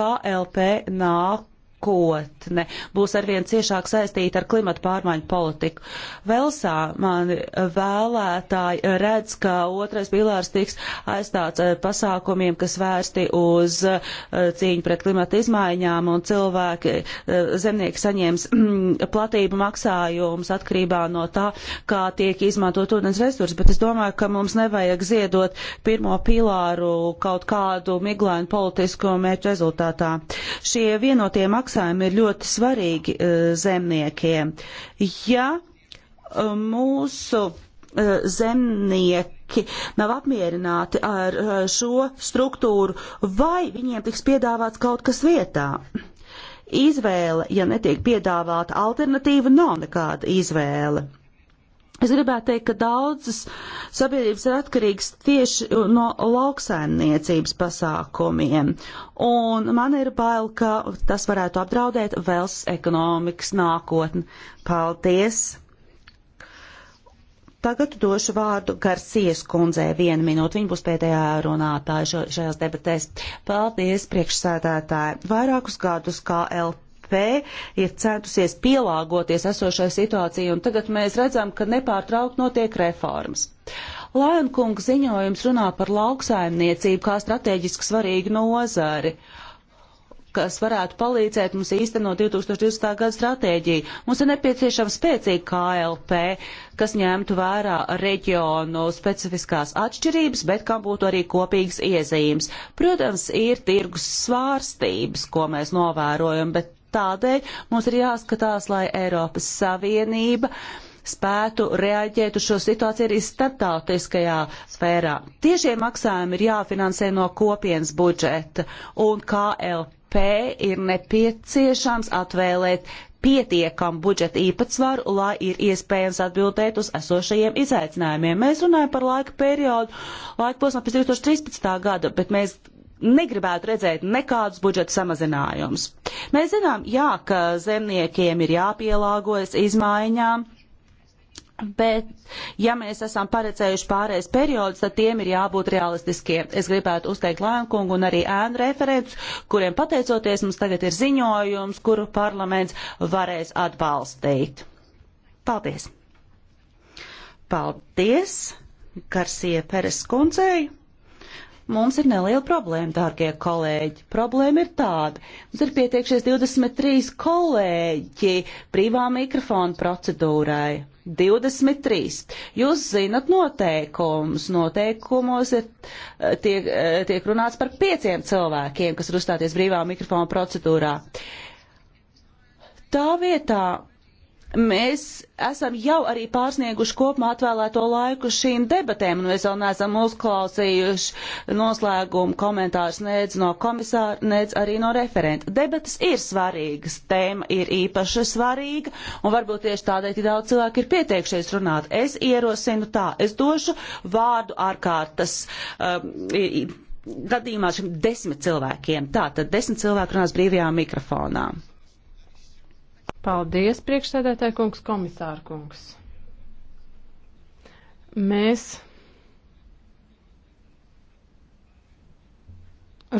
KLP nāk nākotne būs arvien ciešāk saistīta ar klimatu pārmaiņu politiku. Velsā mani vēlētāji redz, ka otrais pilārs tiks aizstāts ar eh, pasākumiem, kas vērsti uz eh, cīņu pret klimatu izmaiņām, un cilvēki, eh, zemnieki saņems mm, platību maksājumus atkarībā no tā, kā tiek izmantot ūdens resursi, bet es domāju, ka mums nevajag ziedot pirmo pilāru kaut kādu miglainu politisko mērķu rezultātā. Šie vienotie maksājumi maksājumi ir ļoti svarīgi e, zemniekiem. Ja e, mūsu e, zemnieki nav apmierināti ar šo struktūru, vai viņiem tiks piedāvāts kaut kas vietā? Izvēle, ja netiek piedāvāta alternatīva, nav nekāda izvēle. Es gribētu teikt, ka daudzas sabiedrības ir atkarīgas tieši no lauksaimniecības pasākumiem, un man ir bail, ka tas varētu apdraudēt Velsas ekonomikas nākotni. Paldies! Tagad došu vārdu Garcijas kundzei vienu minūti. Viņa būs pēdējā runātāja šajās debatēs. Paldies, priekšsēdētāji! Vairākus gadus kā LP KLP ir centusies pielāgoties esošai situācijai, un tagad mēs redzam, ka nepārtraukt notiek reformas. Lēnkungs ziņojums runā par lauksaimniecību kā strateģiski svarīgu nozari kas varētu palīdzēt mums īstenot 2020. gada stratēģiju. Mums ir nepieciešama spēcīga KLP, kas ņemtu vērā reģionu specifiskās atšķirības, bet kam būtu arī kopīgas iezīmes. Protams, ir tirgus svārstības, ko mēs novērojam, bet Tādēļ mums ir jāskatās, lai Eiropas Savienība spētu reaģēt uz šo situāciju arī starptautiskajā sfērā. Tiešie maksājumi ir jāfinansē no kopienas budžeta, un KLP ir nepieciešams atvēlēt pietiekam budžeta īpatsvaru, lai ir iespējams atbildēt uz esošajiem izaicinājumiem. Mēs runājam par laika periodu, laika posmā pēc 2013. gada, bet mēs negribētu redzēt nekādus budžeta samazinājumus. Mēs zinām, jā, ka zemniekiem ir jāpielāgojas izmaiņām. Bet, ja mēs esam paredzējuši pārējais periodus, tad tiem ir jābūt realistiskiem. Es gribētu uzteikt Lēnkungu un arī ēnu referentus, kuriem pateicoties mums tagad ir ziņojums, kuru parlaments varēs atbalstīt. Paldies! Paldies, Garsie Peres kundzei! Mums ir neliela problēma, dārgie kolēģi. Problēma ir tāda. Mums ir pietiekšies 23 kolēģi brīvā mikrofona procedūrai. 23. Jūs zinat noteikumus. Noteikumos ir, eh, tiek, eh, tiek runāts par pieciem cilvēkiem, kas ir uzstāties brīvā mikrofona procedūrā. Tā vietā Mēs esam jau arī pārsnieguši kopumā atvēlēto laiku šīm debatēm, un mēs vēl neesam uzklausījuši noslēgumu komentārus nedz no komisāra, nedz arī no referenta. Debatas ir svarīgas, tēma ir īpaši svarīga, un varbūt tieši tādēļ tik daudz cilvēku ir pieteikšies runāt. Es ierosinu tā, es došu vārdu ārkārtas. Um, gadījumā šim desmit cilvēkiem. Tā tad desmit cilvēki runās brīvajā mikrofonā. Paldies, priekšsēdētāji kungs, komisāra kungs. Mēs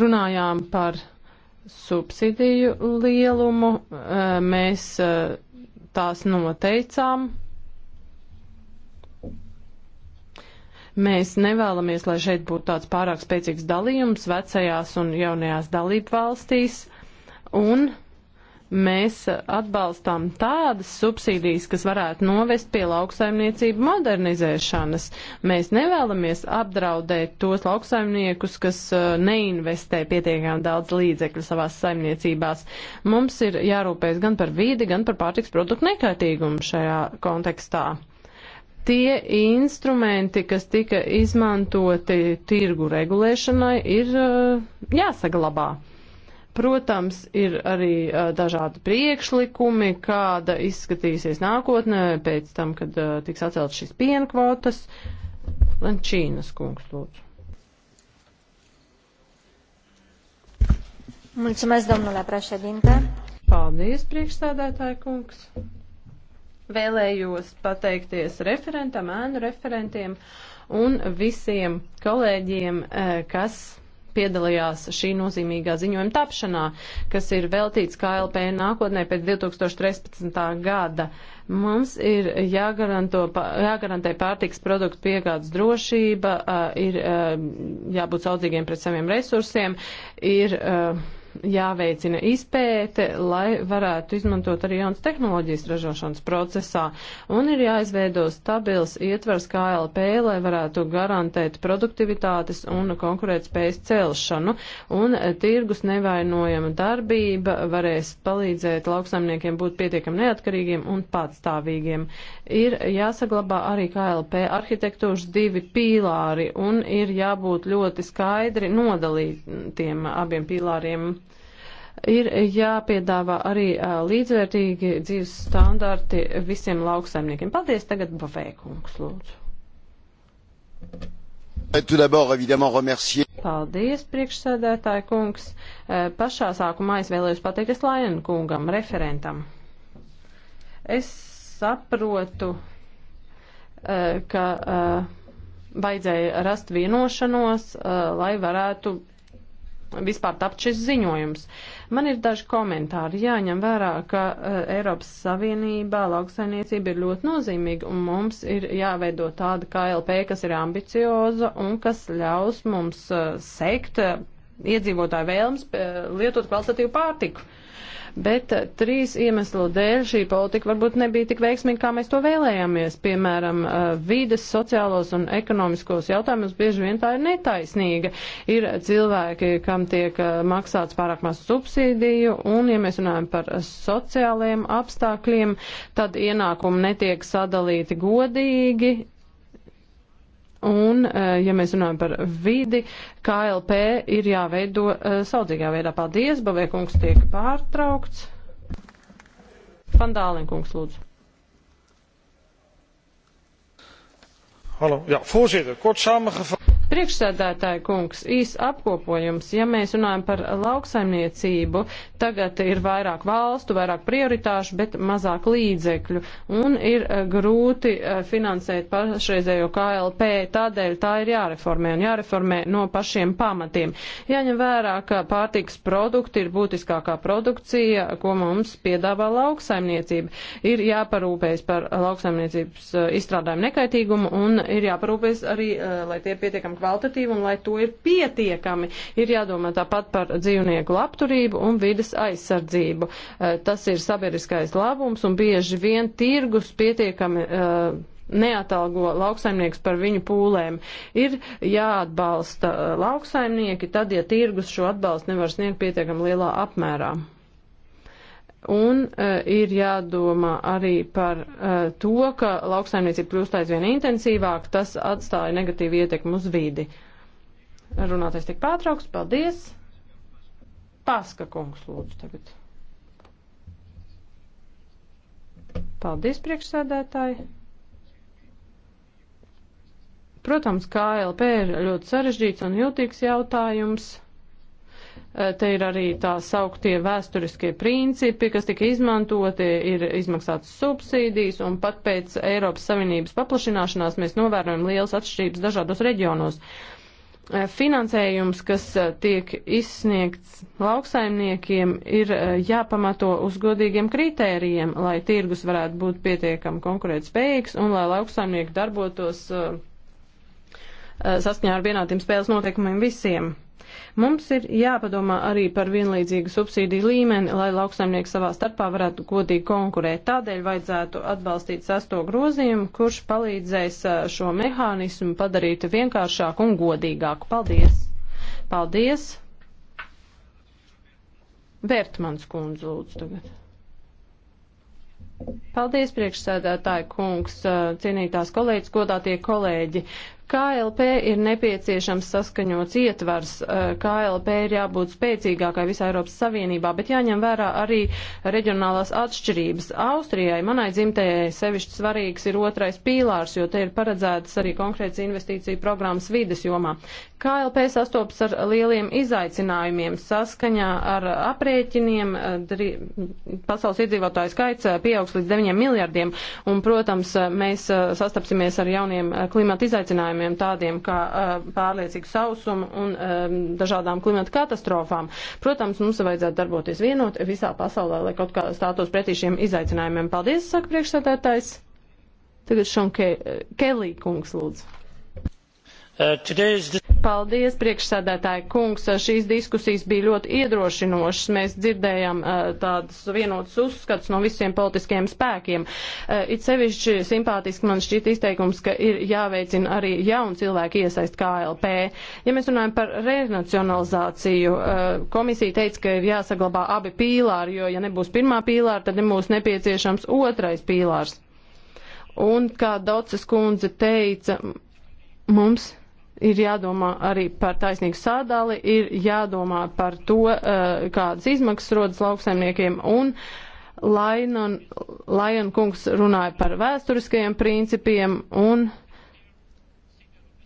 runājām par subsidiju lielumu, eh, mēs eh, tās noteicām. Mēs nevēlamies, lai šeit būtu tāds pārāk spēcīgs dalījums vecajās un jaunajās dalību valstīs. Un mēs atbalstām tādas subsīdijas, kas varētu novest pie lauksaimniecību modernizēšanas. Mēs nevēlamies apdraudēt tos lauksaimniekus, kas uh, neinvestē pietiekami daudz līdzekļu savās saimniecībās. Mums ir jārūpēs gan par vīdi, gan par pārtiks produktu nekaitīgumu šajā kontekstā tie instrumenti, kas tika izmantoti tirgu regulēšanai, ir uh, jāsaglabā. Protams, ir arī uh, dažādi priekšlikumi, kāda izskatīsies nākotnē pēc tam, kad uh, tiks atcelt šis piena kvotas. Lančīnas kungs, lūdzu. Mulțumesc, domnule președinte. Paldies, priekšstādātāja kungs. Vēlējos pateikties referentam, ēnu referentiem un visiem kolēģiem, kas piedalījās šī nozīmīgā ziņojuma tapšanā, kas ir veltīts KLP nākotnē pēc 2013. gada. Mums ir jāgarantē pārtiks produktu piegādes drošība, ir jābūt saudzīgiem pret saviem resursiem, ir jāveicina izpēte, lai varētu izmantot arī jaunas tehnoloģijas ražošanas procesā, un ir jāizveido stabils ietvers KLP, lai varētu garantēt produktivitātes un konkurētspējas celšanu, un eh, tirgus nevainojama darbība varēs palīdzēt lauksaimniekiem būt pietiekam neatkarīgiem un patstāvīgiem. Ir jāsaglabā arī KLP arhitektūras divi pīlāri, un ir jābūt ļoti skaidri nodalītiem abiem pīlāriem. Ir jāpiedāvā arī līdzvērtīgi dzīves standarti visiem lauksaimniekiem. Paldies tagad Bavēkungs, lūdzu. Tout d'abord, évidemment, remercier. Paldies, priekšsēdētāja kungs. Pašā sākumā es vēlējos pateikties Lajan kungam, referentam. Es saprotu, ka vajadzēja rast vienošanos, lai varētu vispār tapt šis ziņojums. Man ir daži komentāri. Jāņem vērā, ka uh, Eiropas Savienībā lauksainiecība ir ļoti nozīmīga un mums ir jāveido tāda KLP, kas ir ambicioza un kas ļaus mums uh, sekt uh, iedzīvotāju vēlms uh, lietot kvalitatīvu pārtiku. Uh, bet eh, trīs iemeslu dēļ šī politika varbūt nebija tik veiksmīga, kā mēs to vēlējāmies. Piemēram, eh, vides, sociālos un ekonomiskos jautājumus bieži vien tā ir netaisnīga. Ir cilvēki, kam tiek eh, maksāts pārāk maz subsīdiju, un, ja mēs runājam par sociālajiem apstākļiem, tad ienākumi netiek sadalīti godīgi, un, eh, ja mēs runājam par vidi, KLP ir jāveido eh, saudzīgā veidā. Paldies, Baviekungs tiek pārtraukts. Vandālinkungs, lūdzu. Hallo, ja, voorzitter, kort samengevat. Priekšsēdētāja kungs, īs apkopojums, ja mēs runājam par lauksaimniecību, tagad ir vairāk valstu, vairāk prioritāšu, bet mazāk līdzekļu un ir eh, grūti eh, finansēt pašreizējo KLP, tādēļ tā ir jāreformē un jāreformē no pašiem pamatiem. Jāņem vērā, ka pārtiks produkti ir būtiskākā produkcija, ko mums piedāvā lauksaimniecība. Ir jāparūpējas par lauksaimniecības eh, izstrādājumu nekaitīgumu un ir jāparūpējas arī, lai tie pietiekami kvalitatīvu un lai to ir pietiekami. Ir jādomā tāpat par dzīvnieku labturību un vidas aizsardzību. Eh, tas ir sabiedriskais labums un bieži vien tirgus pietiekami eh, neatalgo lauksaimnieks par viņu pūlēm. Ir jāatbalsta eh, lauksaimnieki, tad, ja tirgus šo atbalstu nevar sniegt pietiekami lielā apmērā. Un uh, ir jādomā arī par uh, to, ka lauksaimniecība kļūst aizvien intensīvāk, tas atstāja negatīvu ietekmu uz vidi. Runātais tik pārtrauks, paldies. Paska kungs lūdzu tagad. Paldies, priekšsēdētāji. Protams, KLP ir ļoti sarežģīts un jūtīgs jautājums. Eh, te ir arī tā sauktie vēsturiskie principi, kas tika izmantoti, ir izmaksātas subsīdijas, un pat pēc Eiropas Savienības paplašināšanās mēs novērojam liels atšķirības dažādos reģionos. Eh, finansējums, kas eh, tiek izsniegts lauksaimniekiem, ir jāpamato uz godīgiem kritērijiem, lai tirgus varētu būt pietiekami konkurētspējīgs un lai lauksaimnieki darbotos saskaņā ar vienādiem spēles noteikumiem visiem. Mums ir jāpadomā arī par vienlīdzīgu subsīdiju līmeni, lai lauksaimnieki savā starpā varētu godīgi konkurēt. Tādēļ vajadzētu atbalstīt sasto grozījumu, kurš palīdzēs šo mehānismu padarīt vienkāršāku un godīgāku. Paldies! Paldies! Vērtmans kundze lūdzu tagad. Paldies, priekšsēdētāji kungs, cienītās kolēģis, godātie kolēģi. KLP ir nepieciešams saskaņots ietvars, eh, KLP ir jābūt spēcīgākai visā Eiropas Savienībā, bet jāņem vērā arī reģionālās atšķirības. Austrijai, manai dzimtajai, sevišķi svarīgs ir otrais pīlārs, jo te ir paredzētas arī konkrēts investīciju programmas vides jomā. KLP sastopas ar lieliem izaicinājumiem saskaņā ar aprēķiniem. Eh, Drī, pasaules iedzīvotāju skaits eh, pieaugs līdz 9 miljardiem, un, protams, mēs sastapsimies ar jauniem klimata izaicinājumiem jautājumiem, tādiem kā uh, pārliecīgu sausumu un um, dažādām klimata katastrofām. Protams, mums vajadzētu darboties vienot visā pasaulē, lai kaut kā stātos pretī šiem izaicinājumiem. Paldies, saka priekšsēdētājs. Tagad Šonke Kelī kungs lūdzu. Uh, Paldies, priekšsēdētāji kungs. Uh, šīs diskusijas bija ļoti iedrošinošas. Mēs dzirdējām uh, tādus vienotus uzskats no visiem politiskiem spēkiem. It sevišķi simpātiski man šķiet izteikums, ka ir jāveicina arī jaunu cilvēku iesaist KLP. Ja mēs runājam par renacionalizāciju, komisija teica, ka ir jāsaglabā abi pīlāri, jo ja nebūs pirmā pīlāra, tad nebūs nepieciešams otrais pīlārs. Un kā Docis kundze teica, mums ir jādomā arī par taisnīgu sādāli, ir jādomā par to, eh, kādas izmaksas rodas lauksaimniekiem un Lainon, Laion kungs runāja par vēsturiskajiem principiem un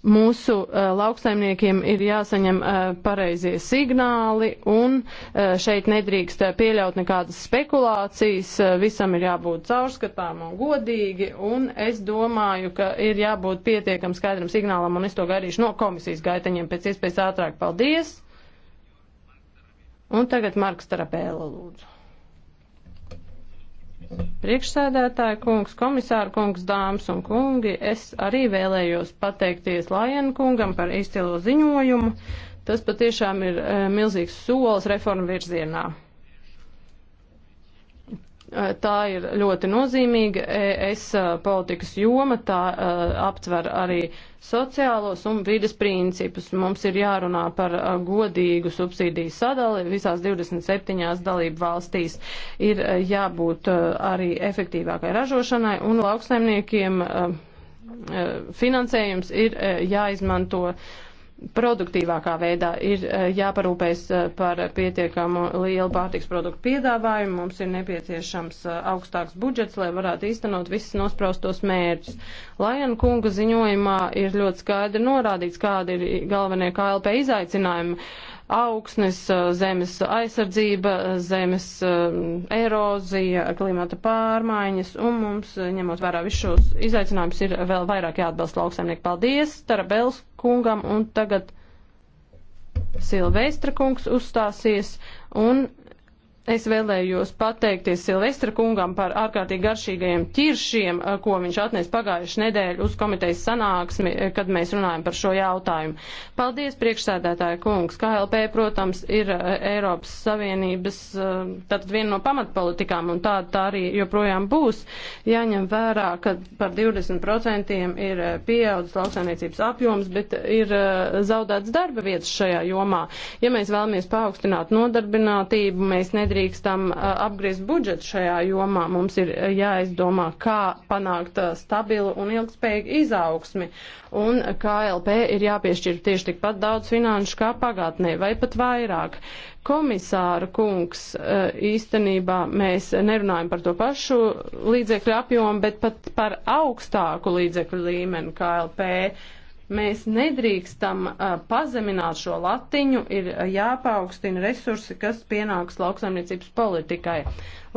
mūsu uh, lauksaimniekiem ir jāsaņem uh, pareizie signāli un uh, šeit nedrīkst uh, pieļaut nekādas spekulācijas, uh, visam ir jābūt caurskatām un godīgi un es domāju, ka ir jābūt pietiekam skaidram signālam un es to gaidīšu no komisijas gaiteņiem pēc iespējas ātrāk. Paldies! Un tagad Marks Tarapēla lūdzu. Priekšsēdētāja kungs, komisāra kungs, dāmas un kungi, es arī vēlējos pateikties Lajena kungam par izcilo ziņojumu. Tas patiešām ir eh, milzīgs solis reformu virzienā. Tā ir ļoti nozīmīga ES politikas joma, tā uh, aptver arī sociālos un vides principus. Mums ir jārunā par uh, godīgu subsīdiju sadali visās 27 dalību valstīs. Ir uh, jābūt arī efektīvākai ražošanai un lauksaimniekiem finansējums ir jāizmanto produktīvākā veidā ir eh, jāparūpēs eh, par pietiekamu lielu pārtiks produktu piedāvājumu, mums ir nepieciešams eh, augstāks budžets, lai varētu īstenot visas nospraustos mērķus. Lajana kunga ziņojumā ir ļoti skaidri norādīts, kādi ir galvenie KLP izaicinājumi. Uh, augsnes, zemes aizsardzība, zemes erozija, klimata pārmaiņas, un mums, ņemot vērā visus šos izaicinājumus, ir vēl vairāk jāatbalsta lauksaimnieki. Paldies Tarabels kungam, un tagad Silvestra kungs uzstāsies, un Es vēlējos pateikties Silvestra kungam par ārkārtīgi garšīgajiem ķiršiem, eh, ko viņš atnesa pagājuši nedēļu uz komitejas sanāksmi, eh, kad mēs runājam par šo jautājumu. Paldies, priekšsēdētāja kungs. KLP, protams, ir eh, Eiropas Savienības tātad viena no pamatpolitikām, un tāda tā arī joprojām būs. Jāņem vērā, ka par 20% ir pieaudzis lauksaimniecības apjoms, bet ir zaudēts darba vietas šajā jomā. Ja mēs vēlamies paaugstināt nodarbinātību, mēs nedrīkstam nedrīkstam apgriezt budžetu šajā jomā. Mums ir jāizdomā, kā panākt stabilu un ilgspējīgu izaugsmi. Un KLP ir jāpiešķir tieši tikpat daudz finanšu kā pagātnē, vai pat vairāk komisāra kungs, īstenībā mēs nerunājam par to pašu līdzekļu apjomu, bet pat par augstāku līdzekļu līmeni KLP. Mēs nedrīkstam uh, pazemināt šo latiņu, ir jāpaukstina resursi, kas pienāks lauksaimniecības politikai.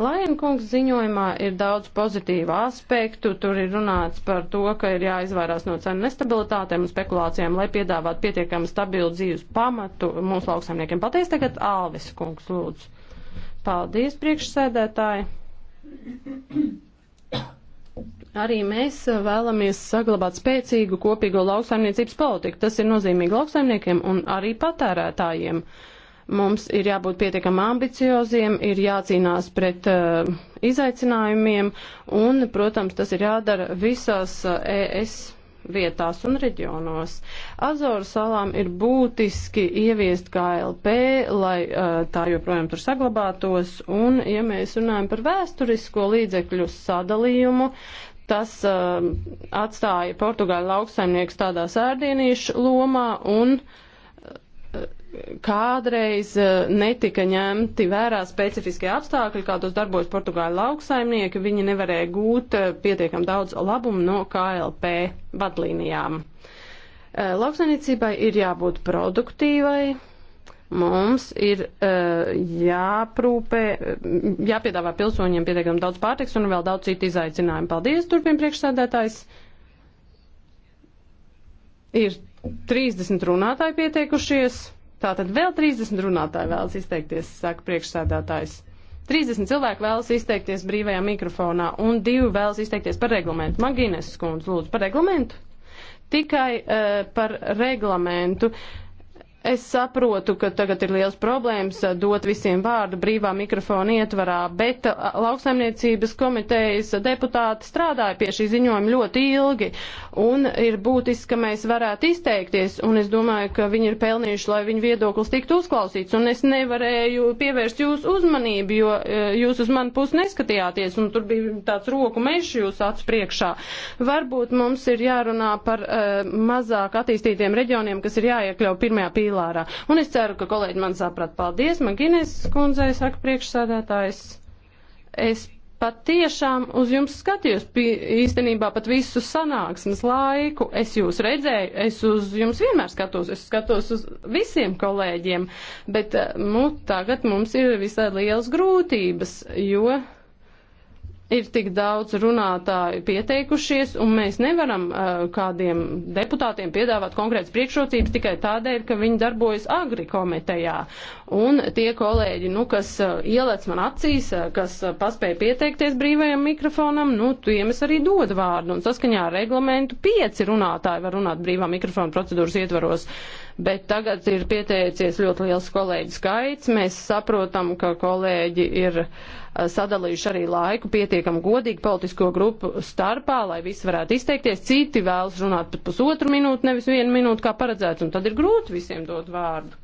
Lajankungs ziņojumā ir daudz pozitīvu aspektu, tur ir runāts par to, ka ir jāizvairās no cenu nestabilitātēm un spekulācijām, lai piedāvātu pietiekami stabilu dzīves pamatu mūsu lauksaimniekiem. Pateic tagad Alvis kungs, lūdzu. Paldies, priekšsēdētāji. Arī mēs vēlamies saglabāt spēcīgu kopīgo lauksaimniecības politiku. Tas ir nozīmīgi lauksaimniekiem un arī patērētājiem. Mums ir jābūt pietiekam ambicioziem, ir jācīnās pret uh, izaicinājumiem un, protams, tas ir jādara visās uh, ES vietās un reģionos. Azoru salām ir būtiski ieviest KLP, lai uh, tā joprojām tur saglabātos, un, ja mēs runājam par vēsturisko līdzekļu sadalījumu, Tas uh, atstāja Portugāļu lauksaimnieks tādā sērdienīšu lomā un uh, kādreiz uh, netika ņemti vērā specifiskie apstākļi, kādos darbojas Portugāļu lauksaimnieki. Viņi nevarēja gūt uh, pietiekam daudz labumu no KLP vadlīnijām. Uh, lauksaimniecībai ir jābūt produktīvai Mums ir uh, jāprūpē, eh, jāpiedāvā pilsoņiem pietiekami daudz pārtiks un vēl daudz citu izaicinājumu. Paldies, turpin priekšsēdētājs. Ir 30 runātāji pieteikušies. Tātad vēl 30 runātāji vēlas izteikties, saka priekšsēdētājs. 30 cilvēki vēlas izteikties brīvajā mikrofonā un divi vēlas izteikties par reglamentu. Magīnes skundz, lūdzu, par reglamentu? Tikai uh, par reglamentu. Uh, Es saprotu, ka tagad ir liels problēmas eh, dot visiem vārdu brīvā mikrofona ietvarā, bet eh, lauksaimniecības komitejas deputāti strādāja pie šī ziņojuma ļoti ilgi, un ir būtiski, ka mēs varētu izteikties, un es domāju, ka viņi ir pelnījuši, lai viņu viedoklis tiktu uzklausīts, un es nevarēju pievērst jūsu uzmanību, jo eh, jūs uz mani pusi neskatījāties, un tur bija tāds roku mežs jūsu acu priekšā. Varbūt mums ir jārunā par uh, mazāk attīstītiem reģioniem, kas ir jāiekļau pirmajā pīlā pīlārā. Un es ceru, ka kolēģi man saprat. Paldies, man Gines kundzei saka priekšsēdētājs. Es pat tiešām uz jums skatījos īstenībā pat visu sanāksmes laiku. Es jūs redzēju, es uz jums vienmēr skatos, es skatos uz visiem kolēģiem, bet eh, nu, tagad mums ir visai liels grūtības, jo ir tik daudz runātāju pieteikušies, un mēs nevaram uh, kādiem deputātiem piedāvāt konkrētas priekšrocības tikai tādēļ, ka viņi darbojas agri komitejā. Un tie kolēģi, nu, kas uh, ielēc man acīs, uh, kas uh, paspēja pieteikties brīvajam mikrofonam, nu, tiem es arī dodu vārdu. Un saskaņā ar reglamentu pieci runātāji var runāt brīvā mikrofona procedūras ietvaros. Uh, bet tagad ir pieteicies ļoti liels kolēģi skaits. Mēs saprotam, ka kolēģi ir uh, sadalījuši arī laiku pietiekam godīgi politisko grupu starpā, lai visi varētu izteikties. Citi vēlas runāt pat pusotru minūtu, nevis vienu minūtu, kā paredzēts, un tad ir grūti visiem dot vārdu.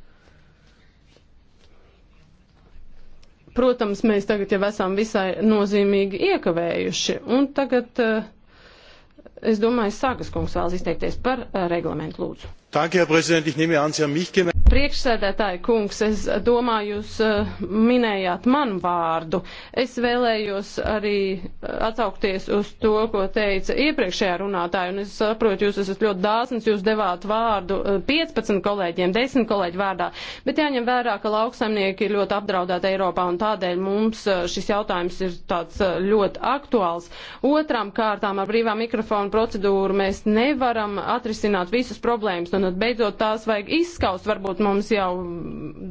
Protams, mēs tagad jau esam visai nozīmīgi iekavējuši, un tagad, uh, es domāju, Sākas kungs vēlas izteikties par uh, reglamentu lūdzu herr präsident! ich nehme an sie haben mich gemeint. priekšsēdētāja kungs es domāju jūs eh, minējāt manu vārdu. es vēlējos arī eh, atsaukties uz to ko teica iepriekšējā runātāja un es saprotu jūs esat ļoti dāsns jūs devāt vārdu 15 eh, kolēģiem 10 kolēģu vārdā bet jāņem vērā ka lauksaimnieki ir ļoti apdraudēti Eiropā un tādēļ mums šis jautājums ir tāds ļoti aktuāls. Otram kārtām ar brīvā mikrofona procedūru mēs nevaram atrisināt visas problēmas un beidzot tās vajag izskaust. Varbūt mums jau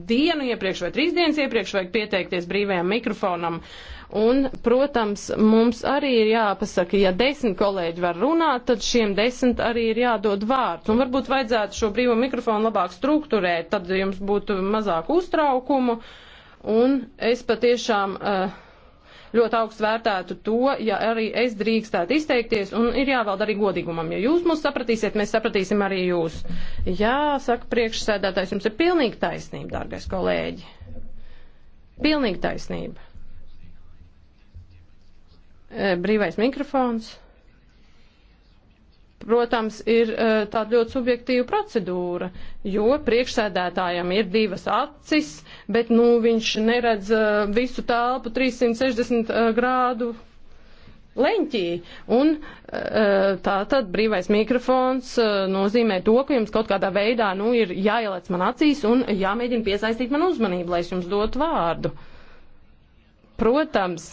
dienu iepriekš vai trīs dienas iepriekš vajag pieteikties brīvajam mikrofonam. Un, protams, mums arī ir jāpasaka, ja desmit kolēģi var runāt, tad šiem desmit arī ir jādod vārds. Un varbūt vajadzētu šo brīvo mikrofonu labāk struktūrēt, tad jums būtu mazāk uztraukumu. Un es patiešām. Uh, ļoti augstu vērtētu to, ja arī es drīkstētu izteikties, un ir jāvalda arī godīgumam. Ja jūs mūs sapratīsiet, mēs sapratīsim arī jūs. Jā, saka priekšsēdētājs, jums ir pilnīgi taisnība, dārgais kolēģi. Pilnīgi taisnība. E, brīvais mikrofons protams, ir eh, tāda ļoti subjektīva procedūra, jo priekšsēdētājam ir divas acis, bet nu, viņš neredz eh, visu telpu 360 eh, grādu leņķī. Un tā tad brīvais mikrofons nozīmē to, ka jums kaut kādā veidā nu, ir jāieliec man acīs un jāmēģina piesaistīt man uzmanību, lai es jums dotu vārdu. Protams,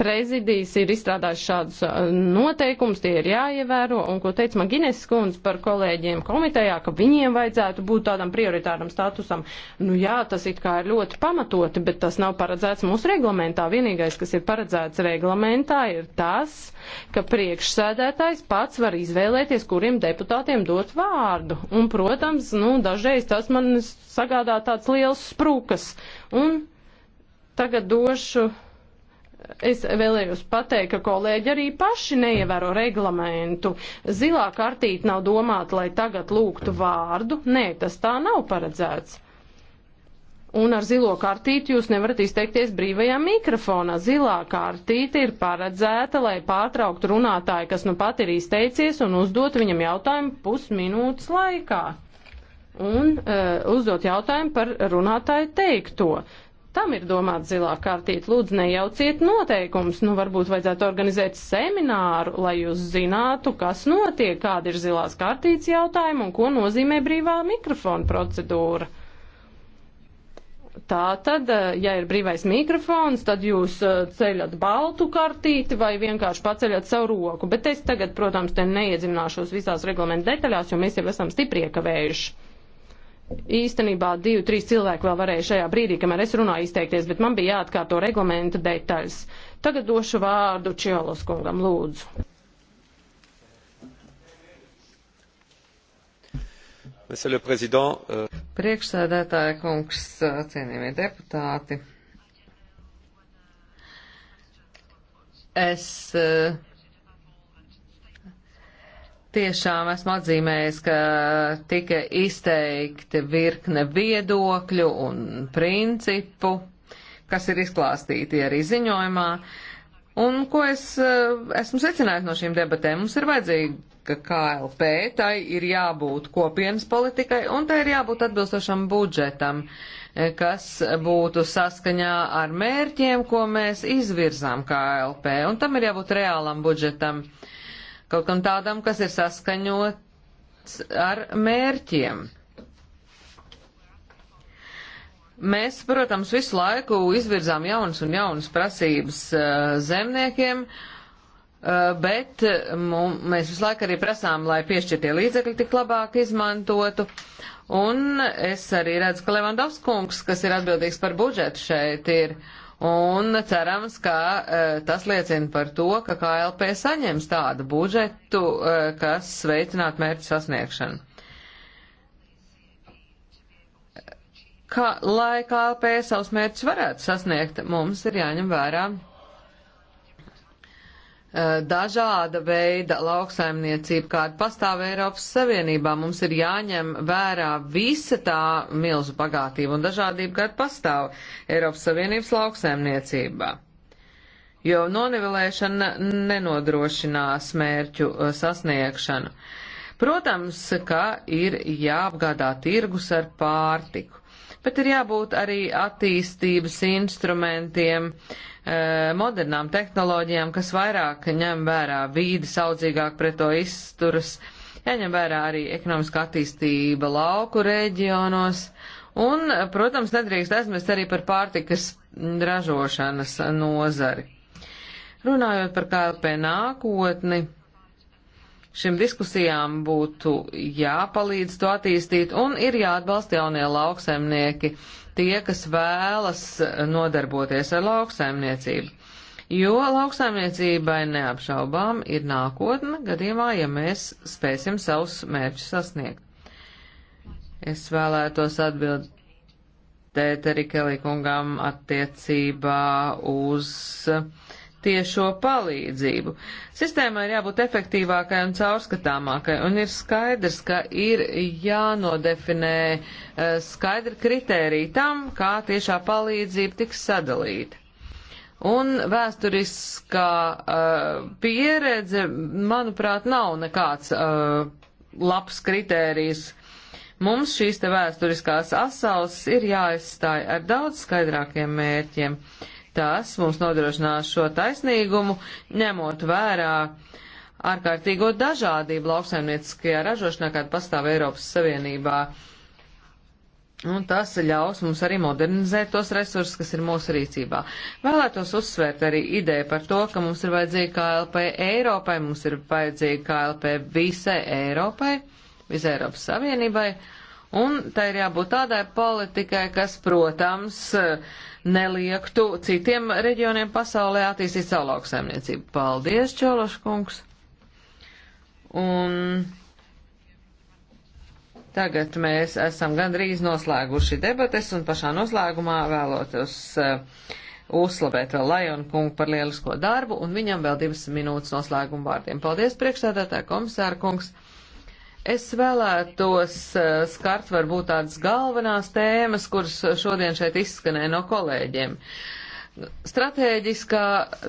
prezidijas ir izstrādājis šādus uh, noteikumus, tie ir jāievēro, un ko teica man Gines skundze par kolēģiem komitejā, ka viņiem vajadzētu būt tādam prioritāram statusam. Nu jā, tas it kā ir ļoti pamatoti, bet tas nav paredzēts mūsu reglamentā. Vienīgais, kas ir paredzēts reglamentā, ir tas, ka priekšsēdētājs pats var izvēlēties, kuriem deputātiem dot vārdu. Un, protams, nu, dažreiz tas man sagādā tāds liels sprūkas. Un tagad došu Es vēlējos pateikt, ka kolēģi arī paši neievēro reglamentu. Zilā kartīte nav domāta, lai tagad lūgtu vārdu. Nē, tas tā nav paredzēts. Un ar zilo kartīti jūs nevarat izteikties brīvajā mikrofonā. Zilā kartīte ir paredzēta, lai pārtrauktu runātāju, kas nu pat ir izteicies, un uzdot viņam jautājumu pusminūtes laikā. Un uh, uzdot jautājumu par runātāju teikto. Uh, Tam ir domāta zilā kārtība. Lūdzu, nejauciet noteikumus. Nu, varbūt vajadzētu organizēt semināru, lai jūs zinātu, kas notiek, kāda ir zilās kārtības jautājuma un ko nozīmē brīvā mikrofona procedūra. Tā tad, eh, ja ir brīvais mikrofons, tad jūs eh, ceļat baltu kartīti vai vienkārši paceļat savu roku. Bet es tagad, protams, te neiedzināšos visās reglamentu detaļās, jo mēs jau esam stipri iekavējuši īstenībā divi, trīs cilvēki vēl varēja šajā brīdī, kamēr es runāju, izteikties, bet man bija jāatkārto reglamenta detaļas. Tagad došu vārdu Čiolos kungam, lūdzu. Euh, Priekšsēdētāja kungs, cienījamie deputāti, es uh, Tiešām esmu atzīmējis, ka tika izteikti virkne viedokļu un principu, kas ir izklāstīti arī ziņojumā. Un ko es eh, esmu secinājis no šīm debatēm? Mums ir vajadzīga KLP, tai ir jābūt kopienas politikai un tai ir jābūt atbilstošam budžetam, eh, kas būtu saskaņā ar mērķiem, ko mēs izvirzām KLP, un tam ir jābūt reālam budžetam. Uh, kaut kam tādam, kas ir saskaņots ar mērķiem. Mēs, protams, visu laiku izvirzām jaunas un jaunas prasības uh, zemniekiem, uh, bet mum, mēs visu laiku arī prasām, lai piešķirtie līdzekļi tik labāk izmantotu. Un es arī redzu, ka Levandovs kungs, kas ir atbildīgs par budžetu šeit, ir uh, Un cerams, ka e, tas liecina par to, ka KLP saņems tādu budžetu, e, kas veicinātu mērķu sasniegšanu. Kā, lai KLP savus mērķus varētu sasniegt, mums ir jāņem vērā Eh, dažāda veida lauksaimniecība, kāda pastāv Eiropas Savienībā. Mums ir jāņem vērā visa tā milzu bagātība un dažādība, kāda pastāv Eiropas Savienības lauksaimniecībā. Jo nonivelēšana nenodrošinās mērķu eh, sasniegšanu. Protams, ka ir jāapgādā tirgus ar pārtiku, bet ir jābūt arī attīstības instrumentiem, uh, Eh, modernām tehnoloģijām, kas vairāk ņem vērā vīdi, saudzīgāk pret to izturas, jāņem vērā arī ekonomiskā attīstība lauku reģionos, un, eh, protams, nedrīkst aizmirst arī par pārtikas ražošanas nozari. Runājot par KLP nākotni, šim diskusijām būtu jāpalīdz to attīstīt un ir jāatbalsta jaunie lauksaimnieki, tie, kas vēlas nodarboties ar lauksaimniecību. Jo lauksaimniecībai neapšaubām ir nākotne gadījumā, ja mēs spēsim savus mērķus sasniegt. Es vēlētos atbildēt arī Kelī kungam attiecībā uz uh, tiešo palīdzību. Sistēmai ir jābūt efektīvākai un caurskatāmākai, un ir skaidrs, ka ir jānodefinē eh, skaidri kritēriji tam, kā tiešā palīdzība tiks sadalīta. Un vēsturiskā uh, pieredze, manuprāt, nav nekāds uh, labs kritērijs. Mums šīs te vēsturiskās asauses ir jāizstāja ar daudz skaidrākiem mērķiem. Uh, Tas mums nodrošinās šo taisnīgumu, ņemot vērā ārkārtīgo dažādību lauksaimnieciskajā ražošanā, kāda pastāv Eiropas Savienībā. Un tas ļaus mums arī modernizēt tos resursus, kas ir mūsu rīcībā. Vēlētos uzsvērt arī ideju par to, ka mums ir vajadzīga KLP Eiropai, mums ir vajadzīga KLP visai Eiropai, visai Eiropas Savienībai. Uh, Un tai ir jābūt tādai politikai, kas, protams, neliektu citiem reģioniem pasaulē attīstīt savu lauksaimniecību. Paldies, Čološkungs! Un tagad mēs esam gandrīz noslēguši debates, un pašā noslēgumā vēlotos uh, uzslavēt vēl Lajonu kungu par lielisko darbu, un viņam vēl divas minūtes noslēguma vārdiem. Paldies, priekšstādātā komisāra kungs! Es vēlētos eh, skart varbūt tādas galvenās tēmas, kuras šodien šeit izskanē no kolēģiem. Stratēģiskā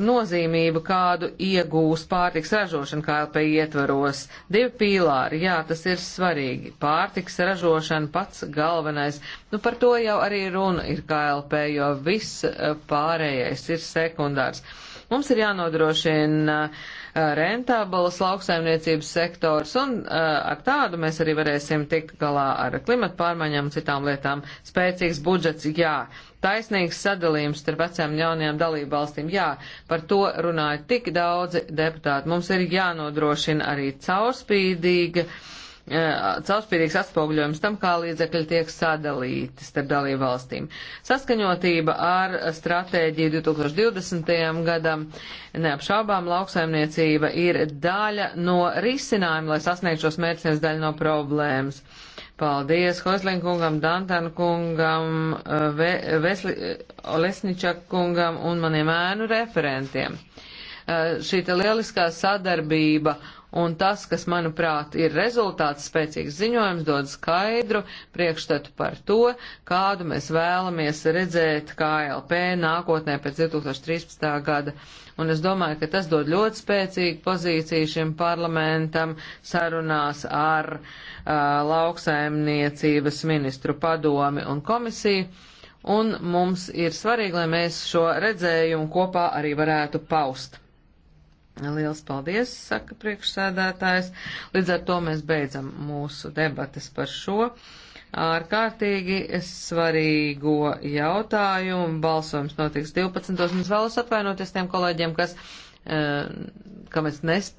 nozīmība, kādu iegūs pārtiks ražošana KLP ietvaros, divi pīlāri, jā, tas ir svarīgi. Pārtiks ražošana pats galvenais, nu par to jau arī runa ir KLP, jo viss eh, pārējais ir sekundārs. Mums ir jānodrošina uh, rentablas lauksaimniecības sektors, un ar tādu mēs arī varēsim tikt galā ar klimatu pārmaiņām un citām lietām. Spēcīgs budžets, jā. Taisnīgs sadalījums starp vecām un jaunajām dalību valstīm, jā, par to runāja tik daudzi deputāti. Mums ir jānodrošina arī caurspīdīga uh, E, caurspīdīgs atspoguļojums tam, kā līdzekļi tiek sadalīti starp dalību valstīm. Saskaņotība ar stratēģiju 2020. gadam neapšaubām lauksaimniecība ir daļa no risinājuma, lai sasniegtu šos mērķus, nevis daļa no problēmas. Paldies Hoslinkungam, Dantan kungam, e, Ve Vesli Olesničak e, kungam un maniem ēnu referentiem šī lieliskā sadarbība un tas, kas, manuprāt, ir rezultāts spēcīgs ziņojums, dod skaidru priekšstatu par to, kādu mēs vēlamies redzēt KLP nākotnē pēc 2013. gada. Un es domāju, ka tas dod ļoti spēcīgu pozīciju šim parlamentam sarunās ar uh, lauksaimniecības ministru padomi un komisiju. Un mums ir svarīgi, lai mēs šo redzējumu kopā arī varētu paust. Liels paldies, saka priekšsēdētājs. Līdz ar to mēs beidzam mūsu debatas par šo ārkārtīgi svarīgo jautājumu. Balsojums notiks 12. Un es vēlos atvainoties tiem kolēģiem, kas, eh, kam es nes,